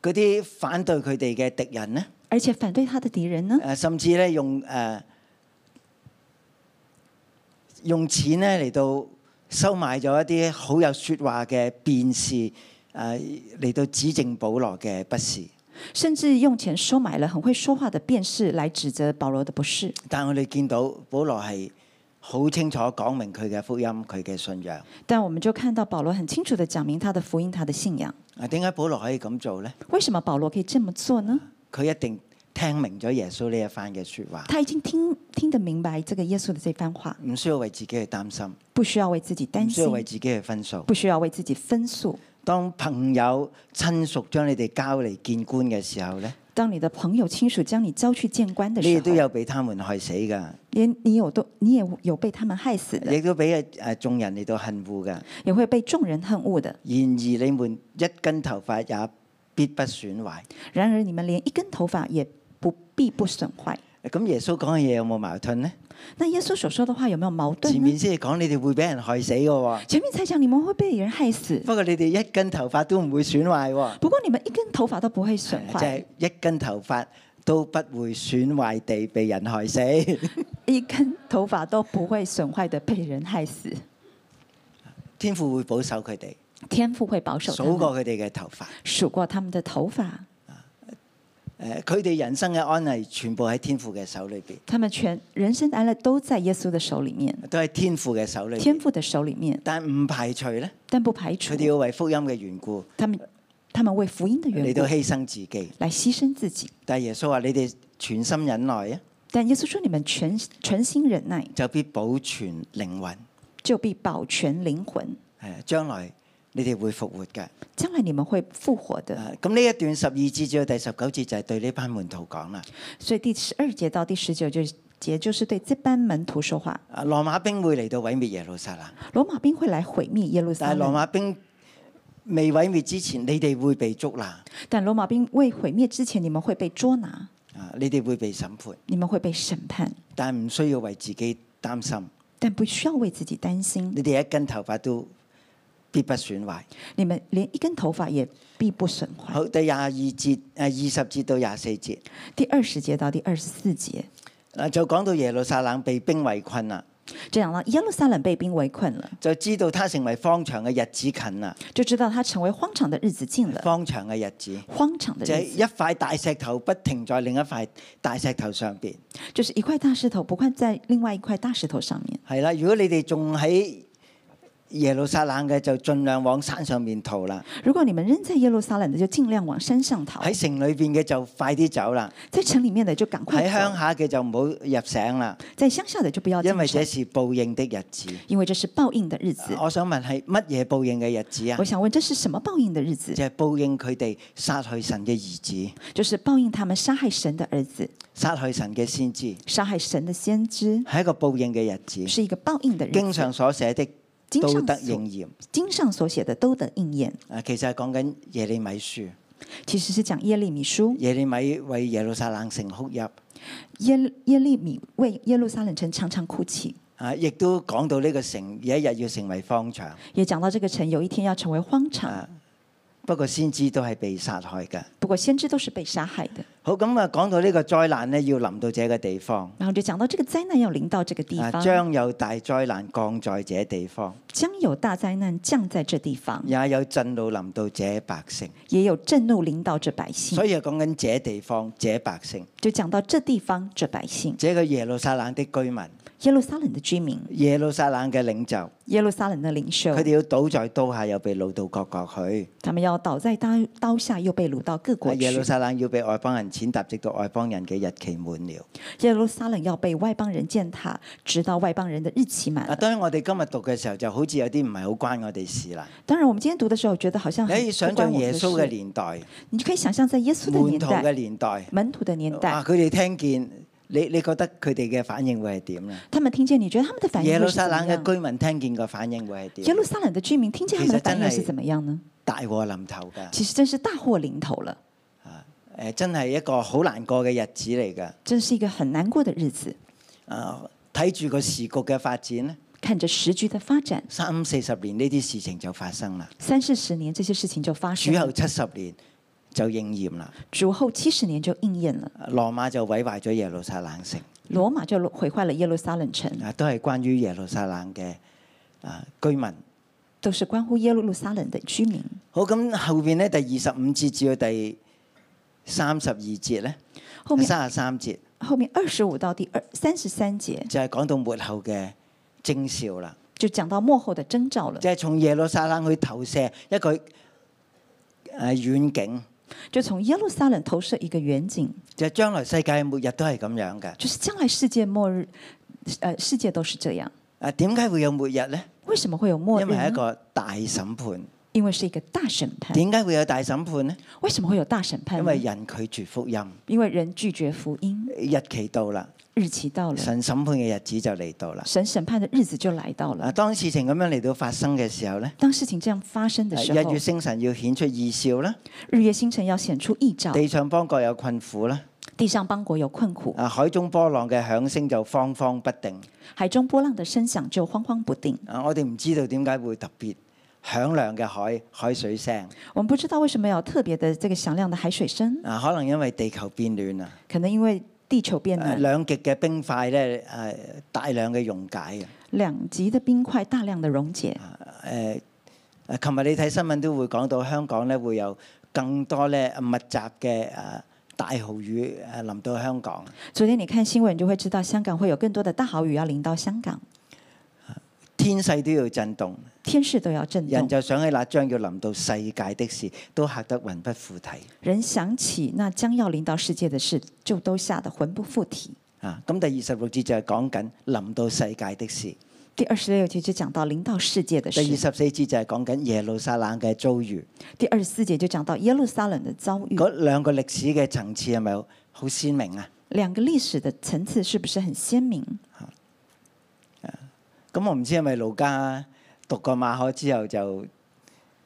嗰啲反對佢哋嘅敵人呢，而且反對他嘅敵人，人呢，啊，甚至咧用誒、呃、用錢咧嚟到收買咗一啲好有説話嘅辯士，誒嚟到指證保羅嘅不是。甚至用錢收買了很會說話的辯士，來指責保羅的不是。但我哋見到保羅係好清楚講明佢嘅福音，佢嘅信仰。但我們就看到保羅很清楚的講明他的福音，他的信仰。啊，點解保羅可以咁做呢？為什麼保羅可以這麼做呢？佢一定聽明咗耶穌呢一番嘅說話。他已經聽聽得明白這個耶穌的這番話，唔需要為自己去擔心，不需要為自己擔心，需要為自己去分數，不需要為自己分數。當朋友親屬將你哋交嚟見官嘅時候呢，當你嘅朋友親屬將你交去見官嘅時候，你都有被他們害死噶。連你有都，你也有被他們害死。你都俾誒眾人嚟到恨惡噶，你會被眾人恨惡的。然而你們一根頭髮也必不損壞。然而你們連一根頭髮也不必不損壞。咁耶穌講嘅嘢有冇矛盾呢？那耶穌所說的話有沒有矛盾？前面先講你哋會俾人害死嘅、哦，前面猜想你們會被人害死。不過你哋一根頭髮都唔會損壞、哦。不過你們一根頭髮都不會損壞，即係、啊就是、一根頭髮都不會損壞地被人害死。 一根頭髮都不會損壞地被人害死，天父會保守佢哋。天父會保守數過佢哋嘅頭髮，數過他們的頭髮。誒，佢哋人生嘅安危全部喺天父嘅手裏邊。他們全人生安危都在耶穌嘅手裏面。都係天父嘅手裏。天父嘅手裏面，但唔排除咧。但不排除。佢哋要為福音嘅緣故。他們他們為福音的緣故你都犧牲自己，嚟犧牲自己。但耶穌話：你哋全心忍耐啊！但耶穌說：你們全存心忍耐，就必保存靈魂。就必保全靈魂。係將來。你哋會復活嘅，將來你們會復活的。咁、嗯、呢一段十二至至到第十九節就係對呢班門徒講啦。所以第十二節到第十九節就節就是對這班門徒說話。啊，羅馬兵會嚟到毀滅耶路撒冷。羅馬兵會嚟毀滅耶路撒冷。但羅馬兵未毀滅之前，你哋會被捉拿。但羅馬兵未毀滅之前，你們會被捉拿。啊，你哋會，嗯、會被審判。你們會被審判。但唔需要為自己擔心。但不需要為自己擔心。你哋一根頭髮都。必不損壞。你們連一根頭髮也必不損壞。好，第廿二節，誒，二十節到廿四節。第二十節到第二十四節，嗱就講到耶路撒冷被兵圍困啦。就講到耶路撒冷被兵圍困了。就知道他成為荒場嘅日子近啦。就知道他成為荒場的日子近了。荒場嘅日子。荒場的日子。就係一塊大石頭不停在另一塊大石頭上邊。就是一塊大石頭不困在另外一塊大石頭上面。係啦，如果你哋仲喺。耶路撒冷嘅就盡量往山上面逃啦。如果你們仍在耶路撒冷的就盡量往山上逃。喺城裏邊嘅就快啲走啦。在城裏面的就趕快走。喺鄉下嘅就唔好入城啦。在鄉下的就不要。因為這是報應的日子。因為這是報應的日子。我想問係乜嘢報應嘅日子啊？我想問這是什麼報應的日子？就係報應佢哋殺害神嘅兒子。就是報應他們殺害神的兒子。殺害神嘅先知。殺害神的先知。係一個報應嘅日子。是一個報應的日子。經常所寫的。都得應驗，經上所寫的都得應驗。啊，其實係講緊耶利米書，其實是講耶利米書。耶利米為耶路撒冷城哭泣，耶耶利米為耶路撒冷城常常哭泣。啊，亦都講到呢個城，有一日要成為荒場。也講到這個城，有一天要成為荒場。不過先知都係被殺害㗎。不過先知都是被殺害的。好，咁啊，講到呢個災難呢，要臨到這個地方。然後就講到這個災難要臨到這個地方。將有大災難降在這地方。將有大災難降在這地方。也有震怒臨到這百姓。也有震怒臨到這百姓。所以係講緊這地方，這百姓。就講到這地方，這百姓。這個耶路撒冷的居民。耶路撒冷嘅居民，耶路撒冷嘅領袖，耶路撒冷嘅領袖，佢哋要倒在刀下，又被擄到各國去。他們要倒在刀刀下，又被擄到各國去。耶路撒冷要被外邦人踐踏，直到外邦人嘅日期滿了。耶路撒冷要被外邦人踐踏，直到外邦人的日期滿。當然，我哋今日讀嘅時候，就好似有啲唔係好關我哋事啦。當然，我們今天讀嘅時候，覺得好像你可以想象耶穌嘅年代，你就可以想象在耶穌嘅年代，門徒嘅年代，門徒的年代。啊，佢哋聽見。你你覺得佢哋嘅反應會係點咧？他們聽見，你覺得他們的反應會點？耶路撒冷嘅居民聽見個反應會係點？耶路撒冷嘅居民聽見他們的反應是怎麼樣？其實真係大禍臨頭㗎。其實真是大禍臨頭了。啊，誒，真係一個好難過嘅日子嚟㗎。真是一個很難過的日子。啊，睇住個時局嘅發展咧。看着時局的發展。三四十年呢啲事情就發生啦。三四十年，這些事情就發生了。主後七十年。就應驗啦！主後七十年就應驗了。羅馬就毀壞咗耶路撒冷城。羅馬就毀壞了耶路撒冷城。啊，都係關於耶路撒冷嘅啊居民。都是關乎耶路撒冷的居民。好，咁後邊呢，第二十五節至到第三十二節咧，後面三十三節，後面二十五到第二三十三節，就係講到末後嘅徵兆啦。就講到末後嘅徵兆啦。即係從耶路撒冷去投射一個誒遠景，.就從耶路撒冷投射一個遠景，就將來世界末日都係咁樣嘅。就是將來世界末日，誒，世界都是這樣。啊，點解會有末日咧？為什麼會有末日？因為係一個大審判。因為是一個大審判。點解會有大審判咧？為什麼會有大審判？因為人拒絕福音。因為人拒絕福音，日期到啦。日期到了，神審判嘅日子就嚟到啦。神審判嘅日子就嚟到了。當事情咁樣嚟到發生嘅時候呢，當事情這樣發生嘅時、時候，日月星辰要顯出異兆啦。日月星辰要顯出異兆，地上邦國有困苦啦。地上邦國有困苦。啊，海中波浪嘅響聲就慌慌不定。海中波浪嘅聲響就慌慌不定。啊，我哋唔知道點解會特別響亮嘅海海水聲。我唔知道為什麼有特別的這個響亮嘅海水聲。啊，可能因為地球變暖啊。可能因為。地球變暖，兩極嘅冰塊咧，誒大量嘅溶解嘅。兩極的冰塊、呃、大量的溶解。誒，琴日、呃、你睇新聞都會講到香港咧會有更多咧密集嘅誒大豪雨誒淋到香港。昨天你看新聞就會知道香港會有更多的大豪雨要淋到香港。天勢都要震動，天勢都要震動，人就想起那將要臨到世界的事，都嚇得魂不附體。人想起那將要臨到世界的事，就都嚇得魂不附體。啊，咁、嗯、第二十六節就係講緊臨到世界的事。第二十六節就講到臨到世界的事。第二十四節就係講緊耶路撒冷嘅遭遇。第二十四節就講到耶路撒冷的遭遇。嗰兩個歷史嘅層次係咪好鮮明啊？兩個歷史的層次是不是很鮮明？咁我唔知係咪路加讀過馬可之後就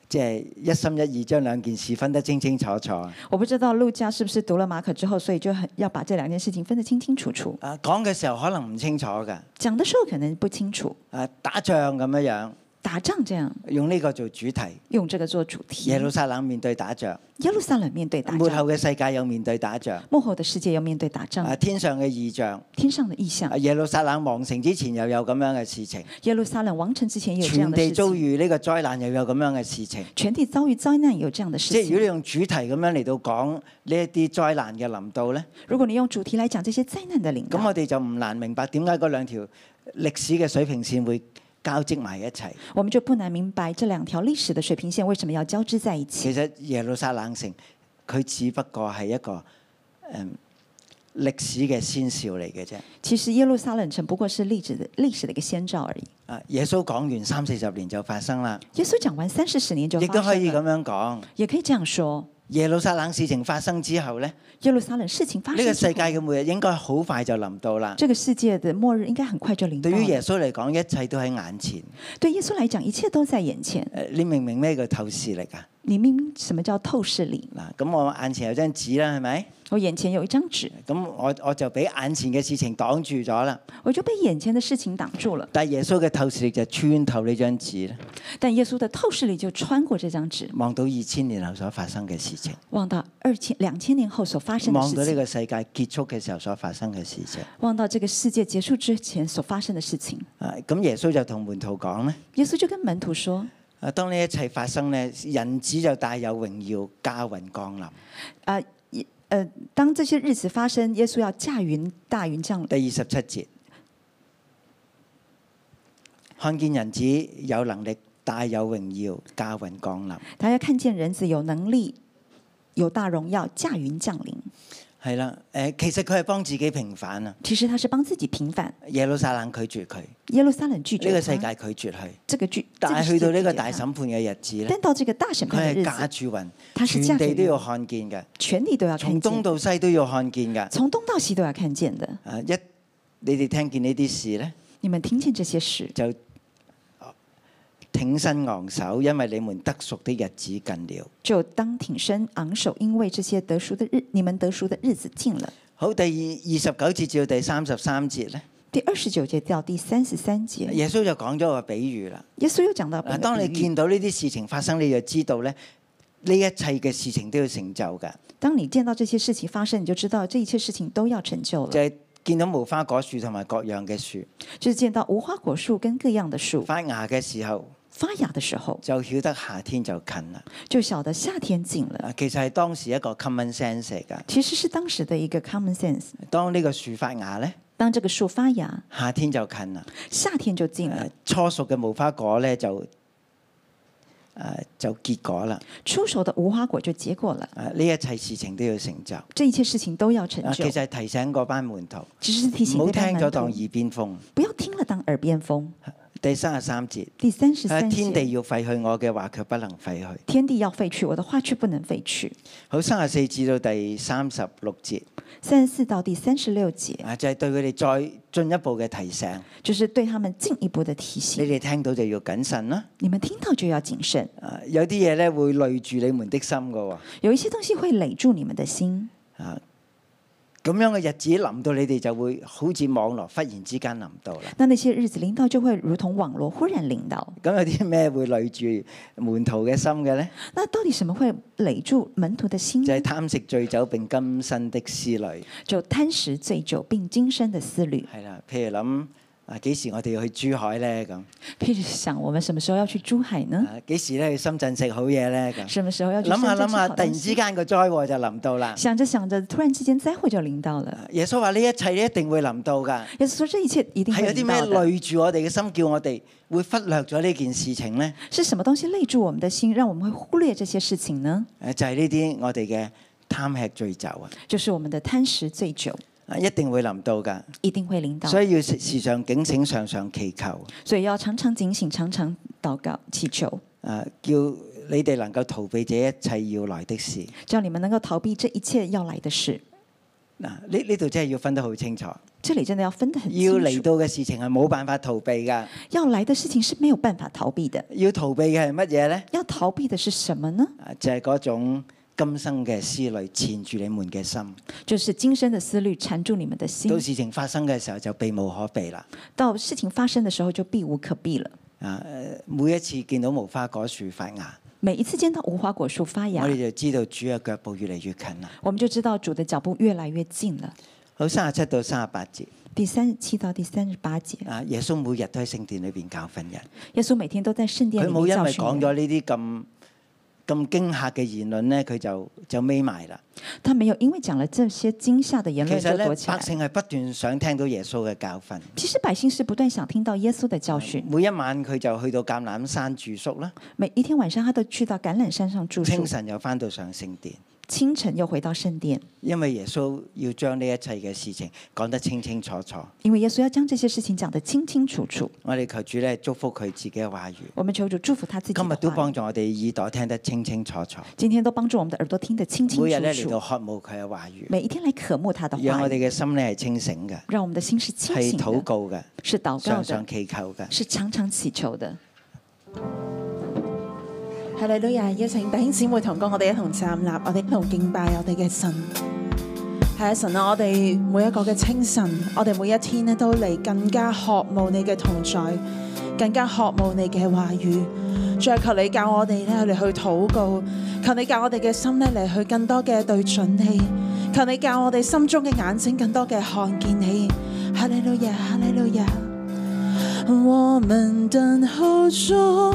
即係、就是、一心一意將兩件事分得清清楚楚。我不知道路加是不是讀了馬可之後，所以就要把這兩件事情分得清清楚楚。啊，講嘅時候可能唔清楚㗎。講的時候可能不清楚。啊、打仗咁樣樣。打仗這樣，用呢個做主題，用這個做主題。耶路撒冷面對打仗，耶路撒冷面對打仗。末後嘅世界又面對打仗，末後嘅世界又面對打仗。啊，天上嘅異象，天上嘅異象耶。耶路撒冷亡城之前又有咁樣嘅事情。耶路撒冷亡城之前有。全地遭遇呢個災難又有咁樣嘅事情。全地遭遇災難又有這樣嘅事情。即係如果你用主題咁樣嚟到講呢一啲災難嘅臨到咧，如果你用主題來講這些災難嘅臨，咁我哋就唔難明白點解嗰兩條歷史嘅水平線會。交織埋一齊，我們就不難明白這兩條歷史的水平線為什麼要交織在一起。其實耶路撒冷城佢只不過係一個嗯歷史嘅先兆嚟嘅啫。其實耶路撒冷城不過是歷史的歷史嘅一個先兆而已。啊，耶穌講完三四十年就發生啦。耶穌講完三四十年就亦都可以咁樣講，也可以這樣說。耶路撒冷事情發生之後呢，耶路撒冷事情發生，呢個世界嘅末日應該好快就臨到啦。這個世界的末日應該很快就臨到。對於耶穌嚟講，一切都喺眼前。對耶穌嚟講，一切都在眼前。眼前呃、你明唔明咩叫透視力啊？你明，明什麼叫透視力嗱？咁我眼前有張紙啦，係咪？我眼前有一張紙。咁我我就俾眼前嘅事情擋住咗啦。我就被眼前嘅事，事情擋住了。但耶穌嘅透視力就穿透呢張紙啦。但耶穌嘅透視力就穿過這張紙，望到二千年後所發生嘅事情。望到二千兩千年後所發生嘅事情。望到呢個世界結束嘅時候所發生嘅事情。望到這個世界結束之前所發生嘅事情。啊，咁耶穌就同門徒講啦。耶穌就跟門徒說。啊！當呢一切發生咧，人子就大有榮耀，駕雲降臨。啊、呃，誒、呃，當這些日子發生，耶穌要駕雲大雲降。第二十七節，看見人子有能力，大有榮耀，駕雲降臨。大家看見人子有能力，有大榮耀，駕雲降臨。係啦，誒，其實佢係幫自己平反啊。其實他是幫自己平反。耶路撒冷拒絕佢。耶路撒冷拒絕。呢、這個世界拒絕佢。這個、這個、但係去到呢個大審判嘅日子咧。到這個大審判，佢係駕住雲，全地都要看見嘅。全地都要。從東到西都要看見嘅。從東到西都要看見的。啊，一，你哋聽見呢啲事咧？你們聽見這些事。就。挺身昂首，因為你們得贖的日子近了。就當挺身昂首，因為這些得贖的日，你們得贖的日子近了。好，第二二十九節至到第三十三節咧。第二十九節到第三十三節，耶穌就講咗個比喻啦。耶穌又講到，當你見到呢啲事情發生，你就知道咧，呢一切嘅事情都要成就噶。當你見到這些事情發生，你就知道這一切事情都要成就，就，要成就。就係、是、見到無花果樹同埋各樣嘅樹，就是、見到無花果樹跟各樣的樹發芽嘅時候。發芽嘅時候就曉得夏天就近啦，就曉得夏天近了。其實係當時一個 common sense 噶其實是當時的一個 common sense。當呢個樹發芽咧，當呢個樹發芽，夏天就近啦，夏天就近啦，啊。初熟嘅無花果咧就誒、啊、就結果啦，初熟嘅無花果就結果啦。呢、啊、一切事情都要成就，呢一切事情都要成就。其實係提醒嗰班門徒，其實提醒唔好聽咗當耳邊風，不要聽了當耳邊風。第三十三節，天地要廢去我嘅話，卻不能廢去；天地要廢去我的話，卻不能廢去。好，三十四節到第三十六節，三十四到第三十六節啊，就係、是、對佢哋再進一步嘅提醒，就是對他們進一步嘅提醒。你哋聽到就要謹慎啦。你們聽到就要謹慎。有啲嘢咧會累住你們的心噶，有一些東西會累住你們的心。啊。咁樣嘅日子臨到你哋就會好似網羅忽然之間臨到啦。那些日子臨到就會如同網羅忽然臨到。咁有啲咩會累住門徒嘅心嘅呢？那到底什麼會累住門徒嘅心？就係貪食醉酒並今生的思慮。就貪食醉酒並今生的思慮。係啦，譬如諗。啊！幾時我哋要去珠海咧？咁，譬如想我們什麼時候要去珠海呢？幾時咧去深圳食好嘢咧？咁，什麼時候要去深圳？諗下諗下，突然之間個災禍就臨到啦。想着想着，突然之間災禍就臨到了。耶穌話：呢一切一定會臨到噶。耶穌說：這一切一定會臨到的。係有啲咩累住我哋嘅心，叫我哋會忽略咗呢件事情咧？是什麼東西累住我們的心，讓我們會忽略這些事情呢？誒，就係呢啲我哋嘅貪吃醉酒啊！就是我們的貪食醉酒。一定會臨到噶，一定會臨到，所以要時常警醒，常、嗯、常祈求。所以要常常警醒，常常禱告祈求。誒，叫你哋能夠逃避這一切要來的事。叫你們能夠逃避這一切要來的事。嗱，呢呢度真係要分得好清楚。這裡真的要分得很。要嚟到嘅事情係冇辦法逃避噶。要來嘅事情是沒有辦法逃避的。要逃避嘅係乜嘢咧？要逃避嘅是什麼呢？就係、是、嗰種。今生嘅思慮纏住你們嘅心，就是今生嘅思慮纏住你們嘅心。到事情發生嘅時候就避無可避啦。到事情發生嘅時候就避無可避了。啊，每一次見到無花果樹發芽，每一次見到無花果樹發芽，我哋就知道主嘅腳步越嚟越近啦。我們就知道主的腳步越來越近了。好，三十七到三十八節，第三十七到第三十八節。啊，耶穌每日都喺聖殿裏邊教訓人。耶穌每天都在聖殿裏教訓人。佢冇因為講咗呢啲咁。咁驚嚇嘅言論呢，佢就就眯埋啦。他沒有因為講了這些驚嚇的言論就躲起來。其實咧，百姓係不斷想聽到耶穌嘅教訓。其實百姓是不斷想聽到耶穌的教訓。每一晚佢就去到橄欖山住宿啦。每一天晚上，他都去到橄欖山上住宿。清晨又翻到上聖殿。清晨又回到聖殿，因為耶穌要將呢一切嘅事情講得清清楚楚。因為耶穌要將這些事情講得清清楚楚。我哋求主咧祝福佢自己嘅話語。我們求主祝福他自己。今日都幫助我哋耳朵聽得清清楚楚。今天都幫助我們的耳朵聽得清清楚楚。每日咧嚟到渴慕佢嘅話語。每一天嚟渴慕他的話語。讓我哋嘅心咧係清醒嘅。讓我們的心是清醒。係禱告嘅，是禱告嘅。常常祈求嘅，是常常祈求的。哈利路亞，邀請弟兄姊妹同工，我哋一同站立，我哋一同敬拜我哋嘅神。係啊，神啊，我哋每一個嘅清晨，我哋每一天呢都嚟更加渴慕你嘅同在，更加渴慕你嘅話語。再求你教我哋咧嚟去禱告，求你教我哋嘅心咧嚟去更多嘅對準你，求你教我哋心中嘅眼睛更多嘅看見你。哈利路亞，哈利路亞。我們等候中。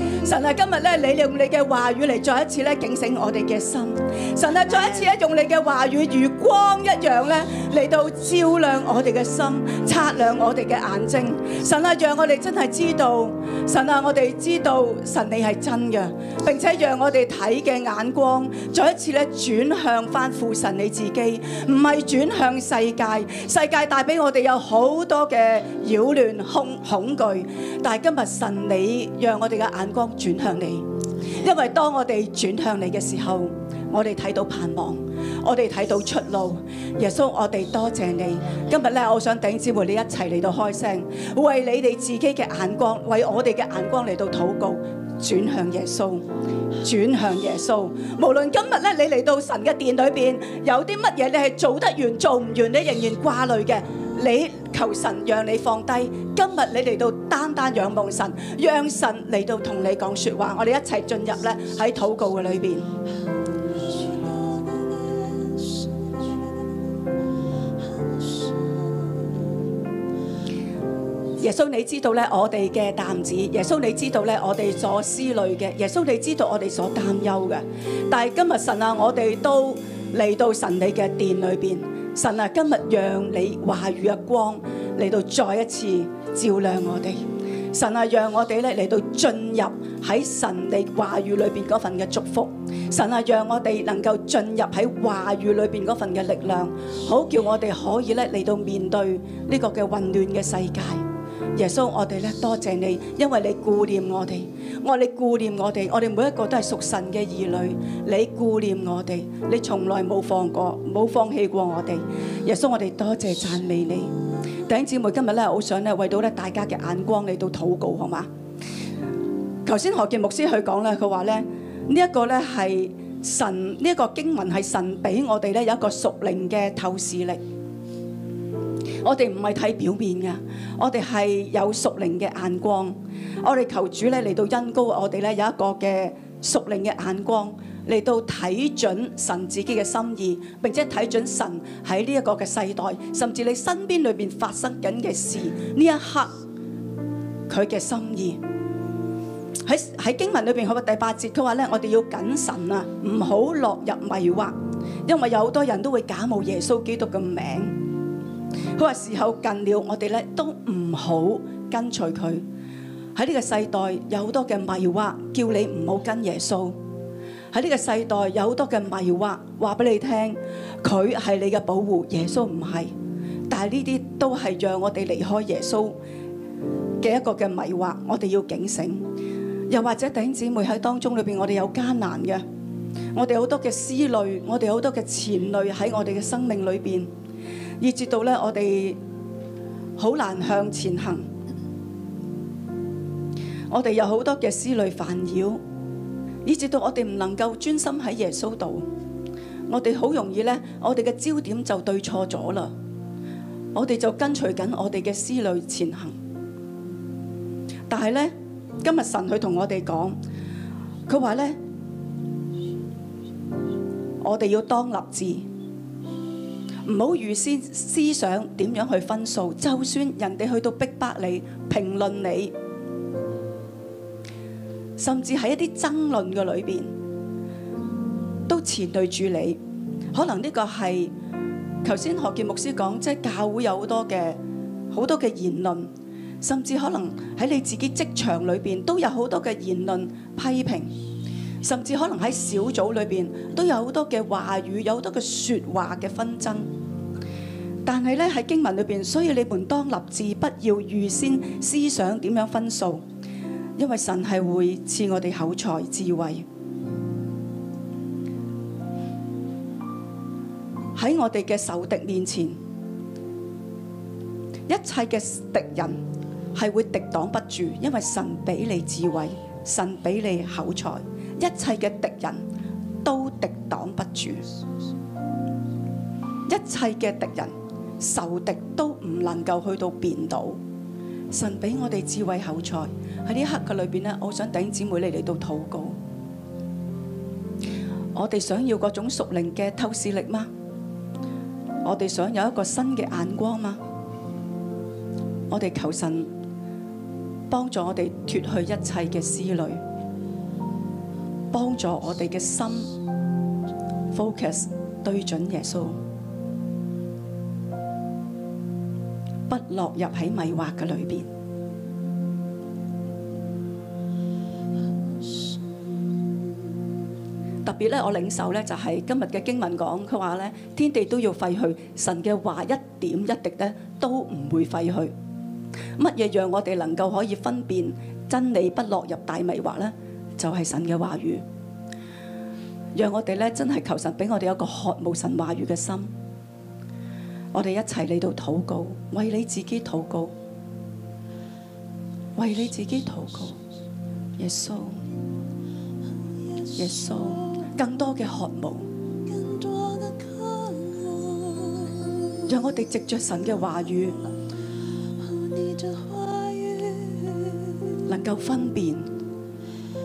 神啊，今日咧，你用你嘅話語嚟，再一次咧警醒我哋嘅心。神啊，再一次咧用你嘅話語如光一樣咧嚟，到照亮我哋嘅心，擦亮我哋嘅眼睛。神啊，讓我哋真係知道，神啊，我哋知道神你係真嘅，並且讓我哋睇嘅眼光再一次咧轉向返父神你自己，唔係轉向世界。世界帶俾我哋有好多嘅擾亂恐恐懼，但係今日神你讓我哋嘅眼光轉向你，因為當我哋轉向你嘅時候，我哋睇到盼望，我哋睇到出路。耶穌，我哋多謝你。今日咧，我想頂支援你一齊嚟到開聲，為你哋自己嘅眼光，為我哋嘅眼光嚟到禱告。轉向耶穌，轉向耶穌。無論今日咧，你嚟到神嘅殿裏邊，有啲乜嘢你係做得完、做唔完，你仍然掛慮嘅。你求神讓你放低，今日你嚟到單單仰望神，讓神嚟到同你講說話。我哋一齊進入咧喺禱告嘅裏邊。耶穌，你知道咧我哋嘅擔子，耶穌，你知道咧我哋所思慮嘅，耶穌，你知道我哋所擔憂嘅。但係今日神啊，我哋都嚟到神你嘅殿裏邊。神啊，今日讓你話語嘅光嚟到再一次照亮我哋。神啊，讓我哋來嚟到進入喺神嘅話語裏面嗰份嘅祝福。神啊，讓我哋能夠進入喺話語裏面嗰份嘅力量，好叫我哋可以來嚟到面對呢個嘅混亂嘅世界。耶穌，我哋多謝你，因為你顧念我哋。我話你顧念我哋，我哋每一個都係屬神嘅兒女。你顧念我哋，你從來冇放過，冇放棄過我哋。耶穌，我哋多謝，謝，讚美你。弟兄姊妹，今日咧好想呢，為到大家嘅眼光嚟到禱告，好嗎？頭先何傑牧師佢講咧，佢話咧呢一個呢，係神呢一個經文係神俾我哋呢，有一個屬靈嘅透視力。我哋唔係睇表面噶，我哋係有屬靈嘅眼光。我哋求主咧嚟到恩高，我哋有一個嘅屬靈嘅眼光嚟到睇準神自己嘅心意，並且睇準神喺呢一個嘅世代，甚至你身邊裏面發生緊嘅事呢一刻佢嘅心意。喺喺經文裏面。佢話第八節佢話我哋要謹慎呀，唔好落入迷惑，因為有很多人都會假冒耶穌基督嘅名。佢話時候近了，我哋咧都唔好跟隨佢。喺呢個世代有好多嘅迷惑，叫你唔好跟耶穌。喺呢個世代有好多嘅迷惑，話俾你聽，佢係你嘅保護，耶穌唔係。但係呢啲都係讓我哋離開耶穌嘅一個嘅迷惑，我哋要警醒。又或者頂姊妹喺當中裏邊，我哋有艱難嘅，我哋好多嘅思慮，我哋好多嘅前慮喺我哋嘅生命裏邊。以致到呢，我哋好難向前行。我哋有好多嘅思慮煩擾，以致到我哋唔能夠專心喺耶穌度。我哋好容易呢，我哋嘅焦點就對錯咗啦。我哋就跟隨緊我哋嘅思慮前行。但係呢，今日神佢同我哋講，佢話呢，我哋要當立志。唔好預先思想點樣去分數，就算人哋去到逼迫，迫你、評論你，甚至喺一啲爭論嘅裏邊都前對住你。可能呢個係頭先何傑牧師講，即係、就是、教會有好多嘅好多嘅言論，甚至可能喺你自己職場裏邊都有好多嘅言論批評。甚至可能喺小組裏面都有好多嘅話語，有好多嘅説話嘅紛爭。但係咧，喺經文裏面，所以你們當立志，不要預先思想點樣分訴，因為神係會賜我哋口才智慧。喺我哋嘅仇敵面前，一切嘅敵人係會敵擋不住，因為神俾你智慧，神俾你口才。一切嘅敵人，都敵擋不住；一切嘅敵人，仇敵都唔能夠去到辯倒。神俾我哋智慧口才，喺呢一刻嘅裏邊咧，我想頂姊妹你嚟到禱告。我哋想要嗰種屬靈嘅透視力嗎？我哋想有一個新嘅眼光嗎？我哋求神幫助我哋脫去一切嘅思慮，幫助我哋嘅心 focus 對準耶穌，不落入喺迷惑嘅裏邊。特別咧，我領受咧就係今日嘅經文講，佢話咧，天地都要廢去，神嘅話一點一滴咧都唔會廢去。乜嘢讓我哋能夠可以分辨真理，不落入大迷惑咧？就係、是、神嘅話語，讓我哋咧真係求神俾我哋一個渴慕神話語嘅心，我哋一齊嚟度禱告，為你自己禱告，為你自己禱告。耶穌，耶穌，更多嘅渴慕，讓我哋藉着神嘅話，話語，能夠分辨。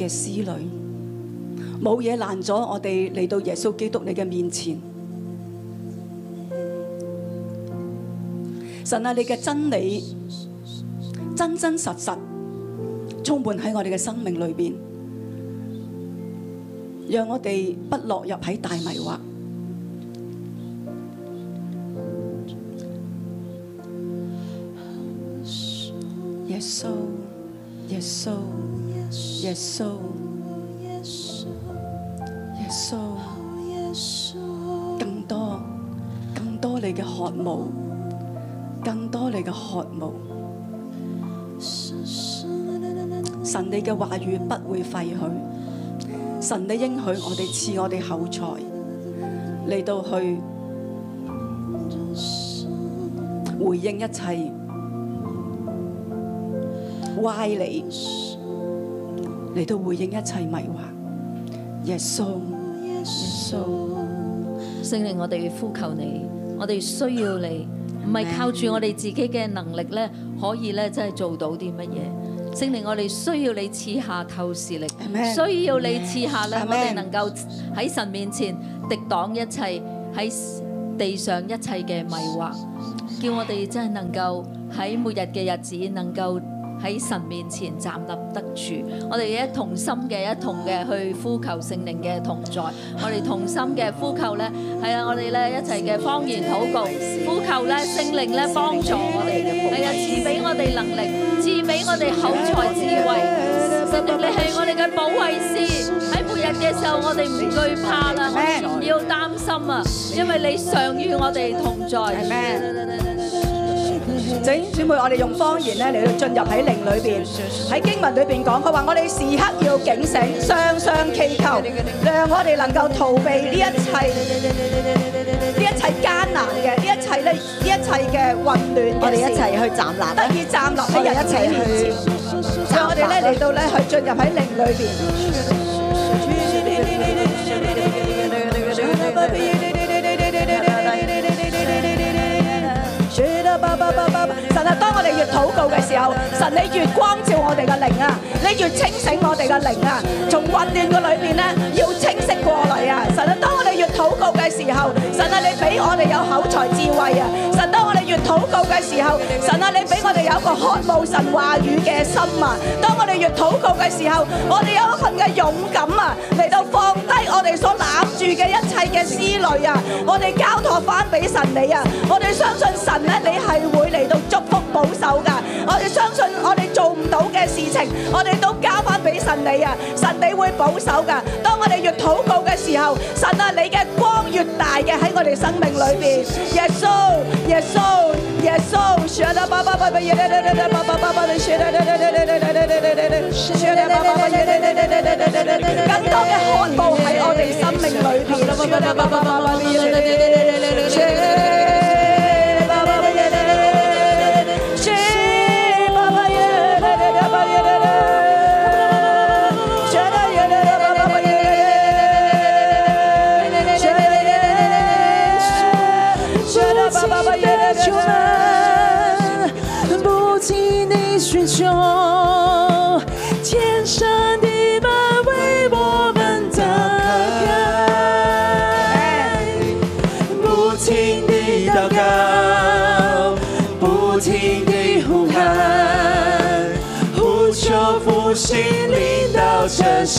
嘅思慮，冇嘢攔阻我哋嚟到耶穌基督你嘅面前。神啊，你嘅真理真真實實充滿喺我哋嘅生命裏面，讓我哋不落入喺大迷惑。耶穌，耶穌，更多，更多你嘅渴慕，更多你嘅渴慕。神你嘅話語不會廢去，神你應許我哋賜我哋口才，嚟到去回應一切歪理。嚟到回應一切迷惑，耶穌，耶穌，聖靈，我哋呼求你，我哋需要你，唔係靠住我哋自己嘅能力咧，可以咧真係做到啲乜嘢？Amen. 聖靈，我哋需要你賜下透視力，Amen. 需要你賜下咧，Amen. 我哋能夠喺神面前敵擋一切喺地上一切嘅迷惑，Amen. 叫我哋真係能夠喺末日嘅日子能夠。喺神面前站立得住，我哋一同心嘅一同嘅去呼求聖靈嘅同在，我哋同心嘅呼求咧，係啊，我哋咧一齊嘅方言禱告，呼求咧聖靈咧幫助我哋，係啊，賜俾我哋能力，賜俾我哋口才智慧，聖靈你係我哋嘅保惠師。喺末日嘅時候，我哋唔懼怕啦，我哋唔要擔心啊，因為你常與我哋同在。係咩？姐妹，我哋用方言咧嚟到進入喺靈裏邊，喺經文裏邊講，佢話我哋時刻要警醒，常常祈求，讓我哋能夠逃避呢一切，呢一切艱難嘅，呢一切咧，呢一切嘅混亂。我哋一齊去站立，得以站立喺人子面前，讓我哋咧嚟到咧去進入喺靈裏邊。越禱告嘅時候，神你越光照我哋嘅靈啊，你越清醒我哋嘅靈啊，從混亂嘅裏邊咧，要清晰過來啊，神啊！當我哋越禱告。時候，神啊，你俾我哋有口才智慧啊！神，當我哋越禱告嘅時候，神啊，你俾我哋有一個渴慕神話語嘅心啊！當我哋越禱告嘅時候，我哋有一份嘅勇敢啊，嚟到放低我哋所攬住嘅一切嘅思慮啊！我哋交託翻俾神你啊！我哋相信神咧，啊，你係會嚟到祝福保守噶。我哋相信我哋做唔到嘅事情，我哋都交翻俾神你啊！神你會保守噶。當我哋越禱告嘅時候，神啊，你嘅光越大嘅喺我哋生命裏邊，耶穌，耶穌，耶穌，更多嘅渴慕喺我哋生命裏邊。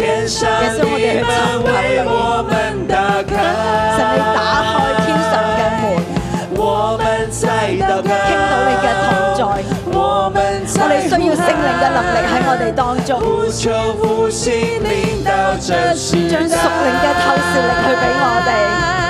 耶穌，我哋去尋祂嘅面，使你打開天上嘅門，我們才能傾到你嘅同在。我們才需要聖靈嘅能力喺我哋當中，將屬靈嘅透視力去俾我哋。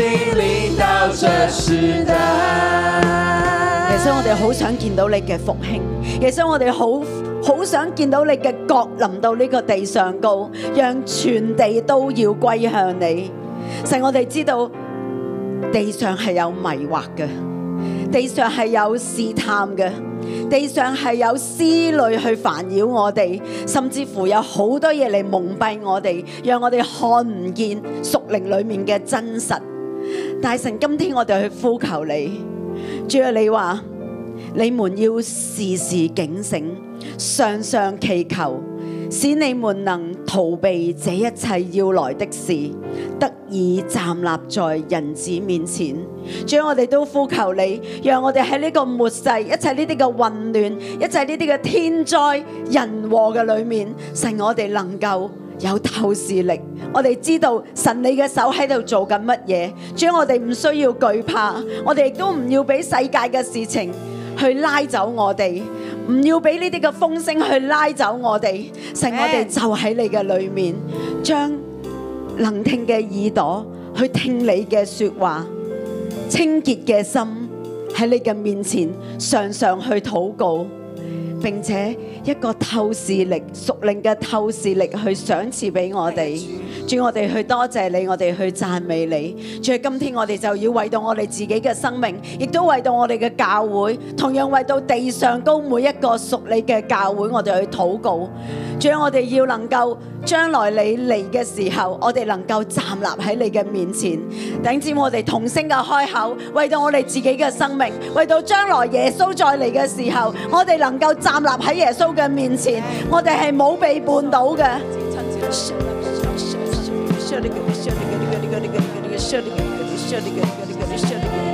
引領到這時代。其實我哋好想見到你嘅復興也。其實我哋好好想見到你嘅國臨到呢個地上高，讓全地都要歸向你。使我哋知道地上係有迷惑嘅，地上係有試探嘅，地上係有思慮去煩擾我哋，甚至乎有好多嘢嚟蒙蔽我哋，讓我哋看唔見屬靈裏面嘅真實。大神，今天我哋去呼求你，主啊，你話你們要時時警醒，常常祈求，使你們能逃避這一切要來的事，得以站立在人子面前。主啊，我哋都呼求你，讓我哋喺呢個末世，一切呢啲嘅混亂，一切呢啲嘅天災人禍嘅裏面，使我哋能夠。有透視力，我哋知道神你嘅手喺度做緊乜嘢，將我哋唔需要懼怕，我哋亦都唔要畀世界嘅事情去拉走我哋，唔要畀呢啲嘅風聲去拉走我哋，神我哋就喺你嘅裏面，將能聽嘅耳朵去聽你嘅說話，清潔嘅心喺你嘅面前常常去禱告。並且一個透視力，屬靈嘅透視力去賞賜俾我哋，主我哋去多謝你，我哋去讚美你。所以今天，我哋就要為到我哋自己嘅生命，亦都為到我哋嘅教會，同樣為到地上高每一個屬你嘅教會，我哋去禱告。主啊，我哋要能夠將來你嚟嘅時候，我哋能夠站立喺你嘅面前，等至我哋同聲嘅開口，為到我哋自己嘅生命，為到將來耶穌再嚟嘅時候，我哋能夠站。站立喺耶穌嘅面前，yeah. 我哋沒冇被絆倒嘅。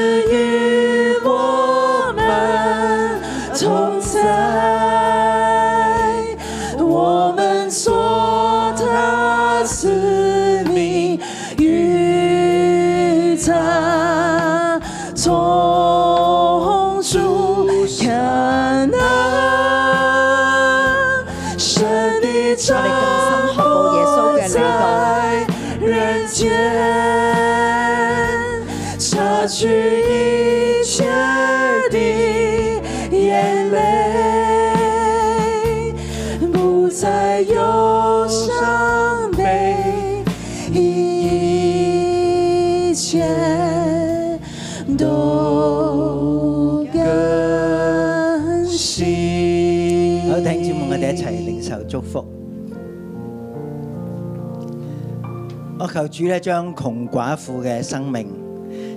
求主咧將窮寡婦嘅生命，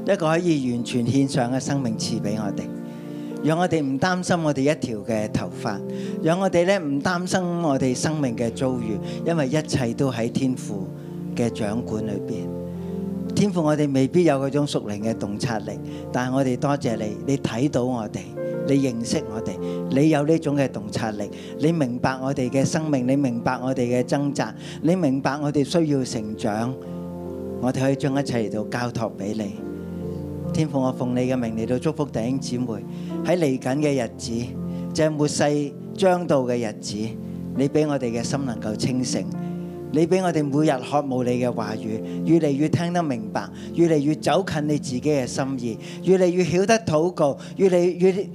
一個可以完全獻上嘅生命賜俾我哋，讓我哋唔擔心我哋一條嘅頭髮，讓我哋咧唔擔心我哋生命嘅遭遇，因為一切都喺天父嘅掌管裏邊。天父，我哋未必有嗰種屬靈嘅洞察力，但係我哋多謝你，你睇到我哋。你認識我哋，你有呢種嘅洞察力，你明白我哋嘅生命，你明白我哋嘅掙扎，你明白我哋需要成長，我哋可以將一切嚟到交託俾你。天父，我奉你嘅名嚟到祝福弟兄姊妹喺嚟緊嘅日子，就係、是、末世將到嘅日子，你俾我哋嘅心能夠清醒，你俾我哋每日渴慕你嘅話語，越嚟越聽得明白，越嚟越走近你自己嘅心意，越嚟越曉得禱告，越嚟越。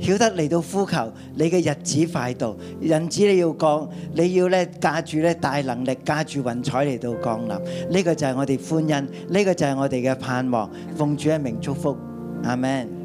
曉得嚟到呼求，你嘅日子快到，人子你要降，你要呢架住呢大能力，架住雲彩嚟到降臨。呢、這個就係我哋歡欣，呢、這個就係我哋嘅盼望。奉主一名祝福，阿門。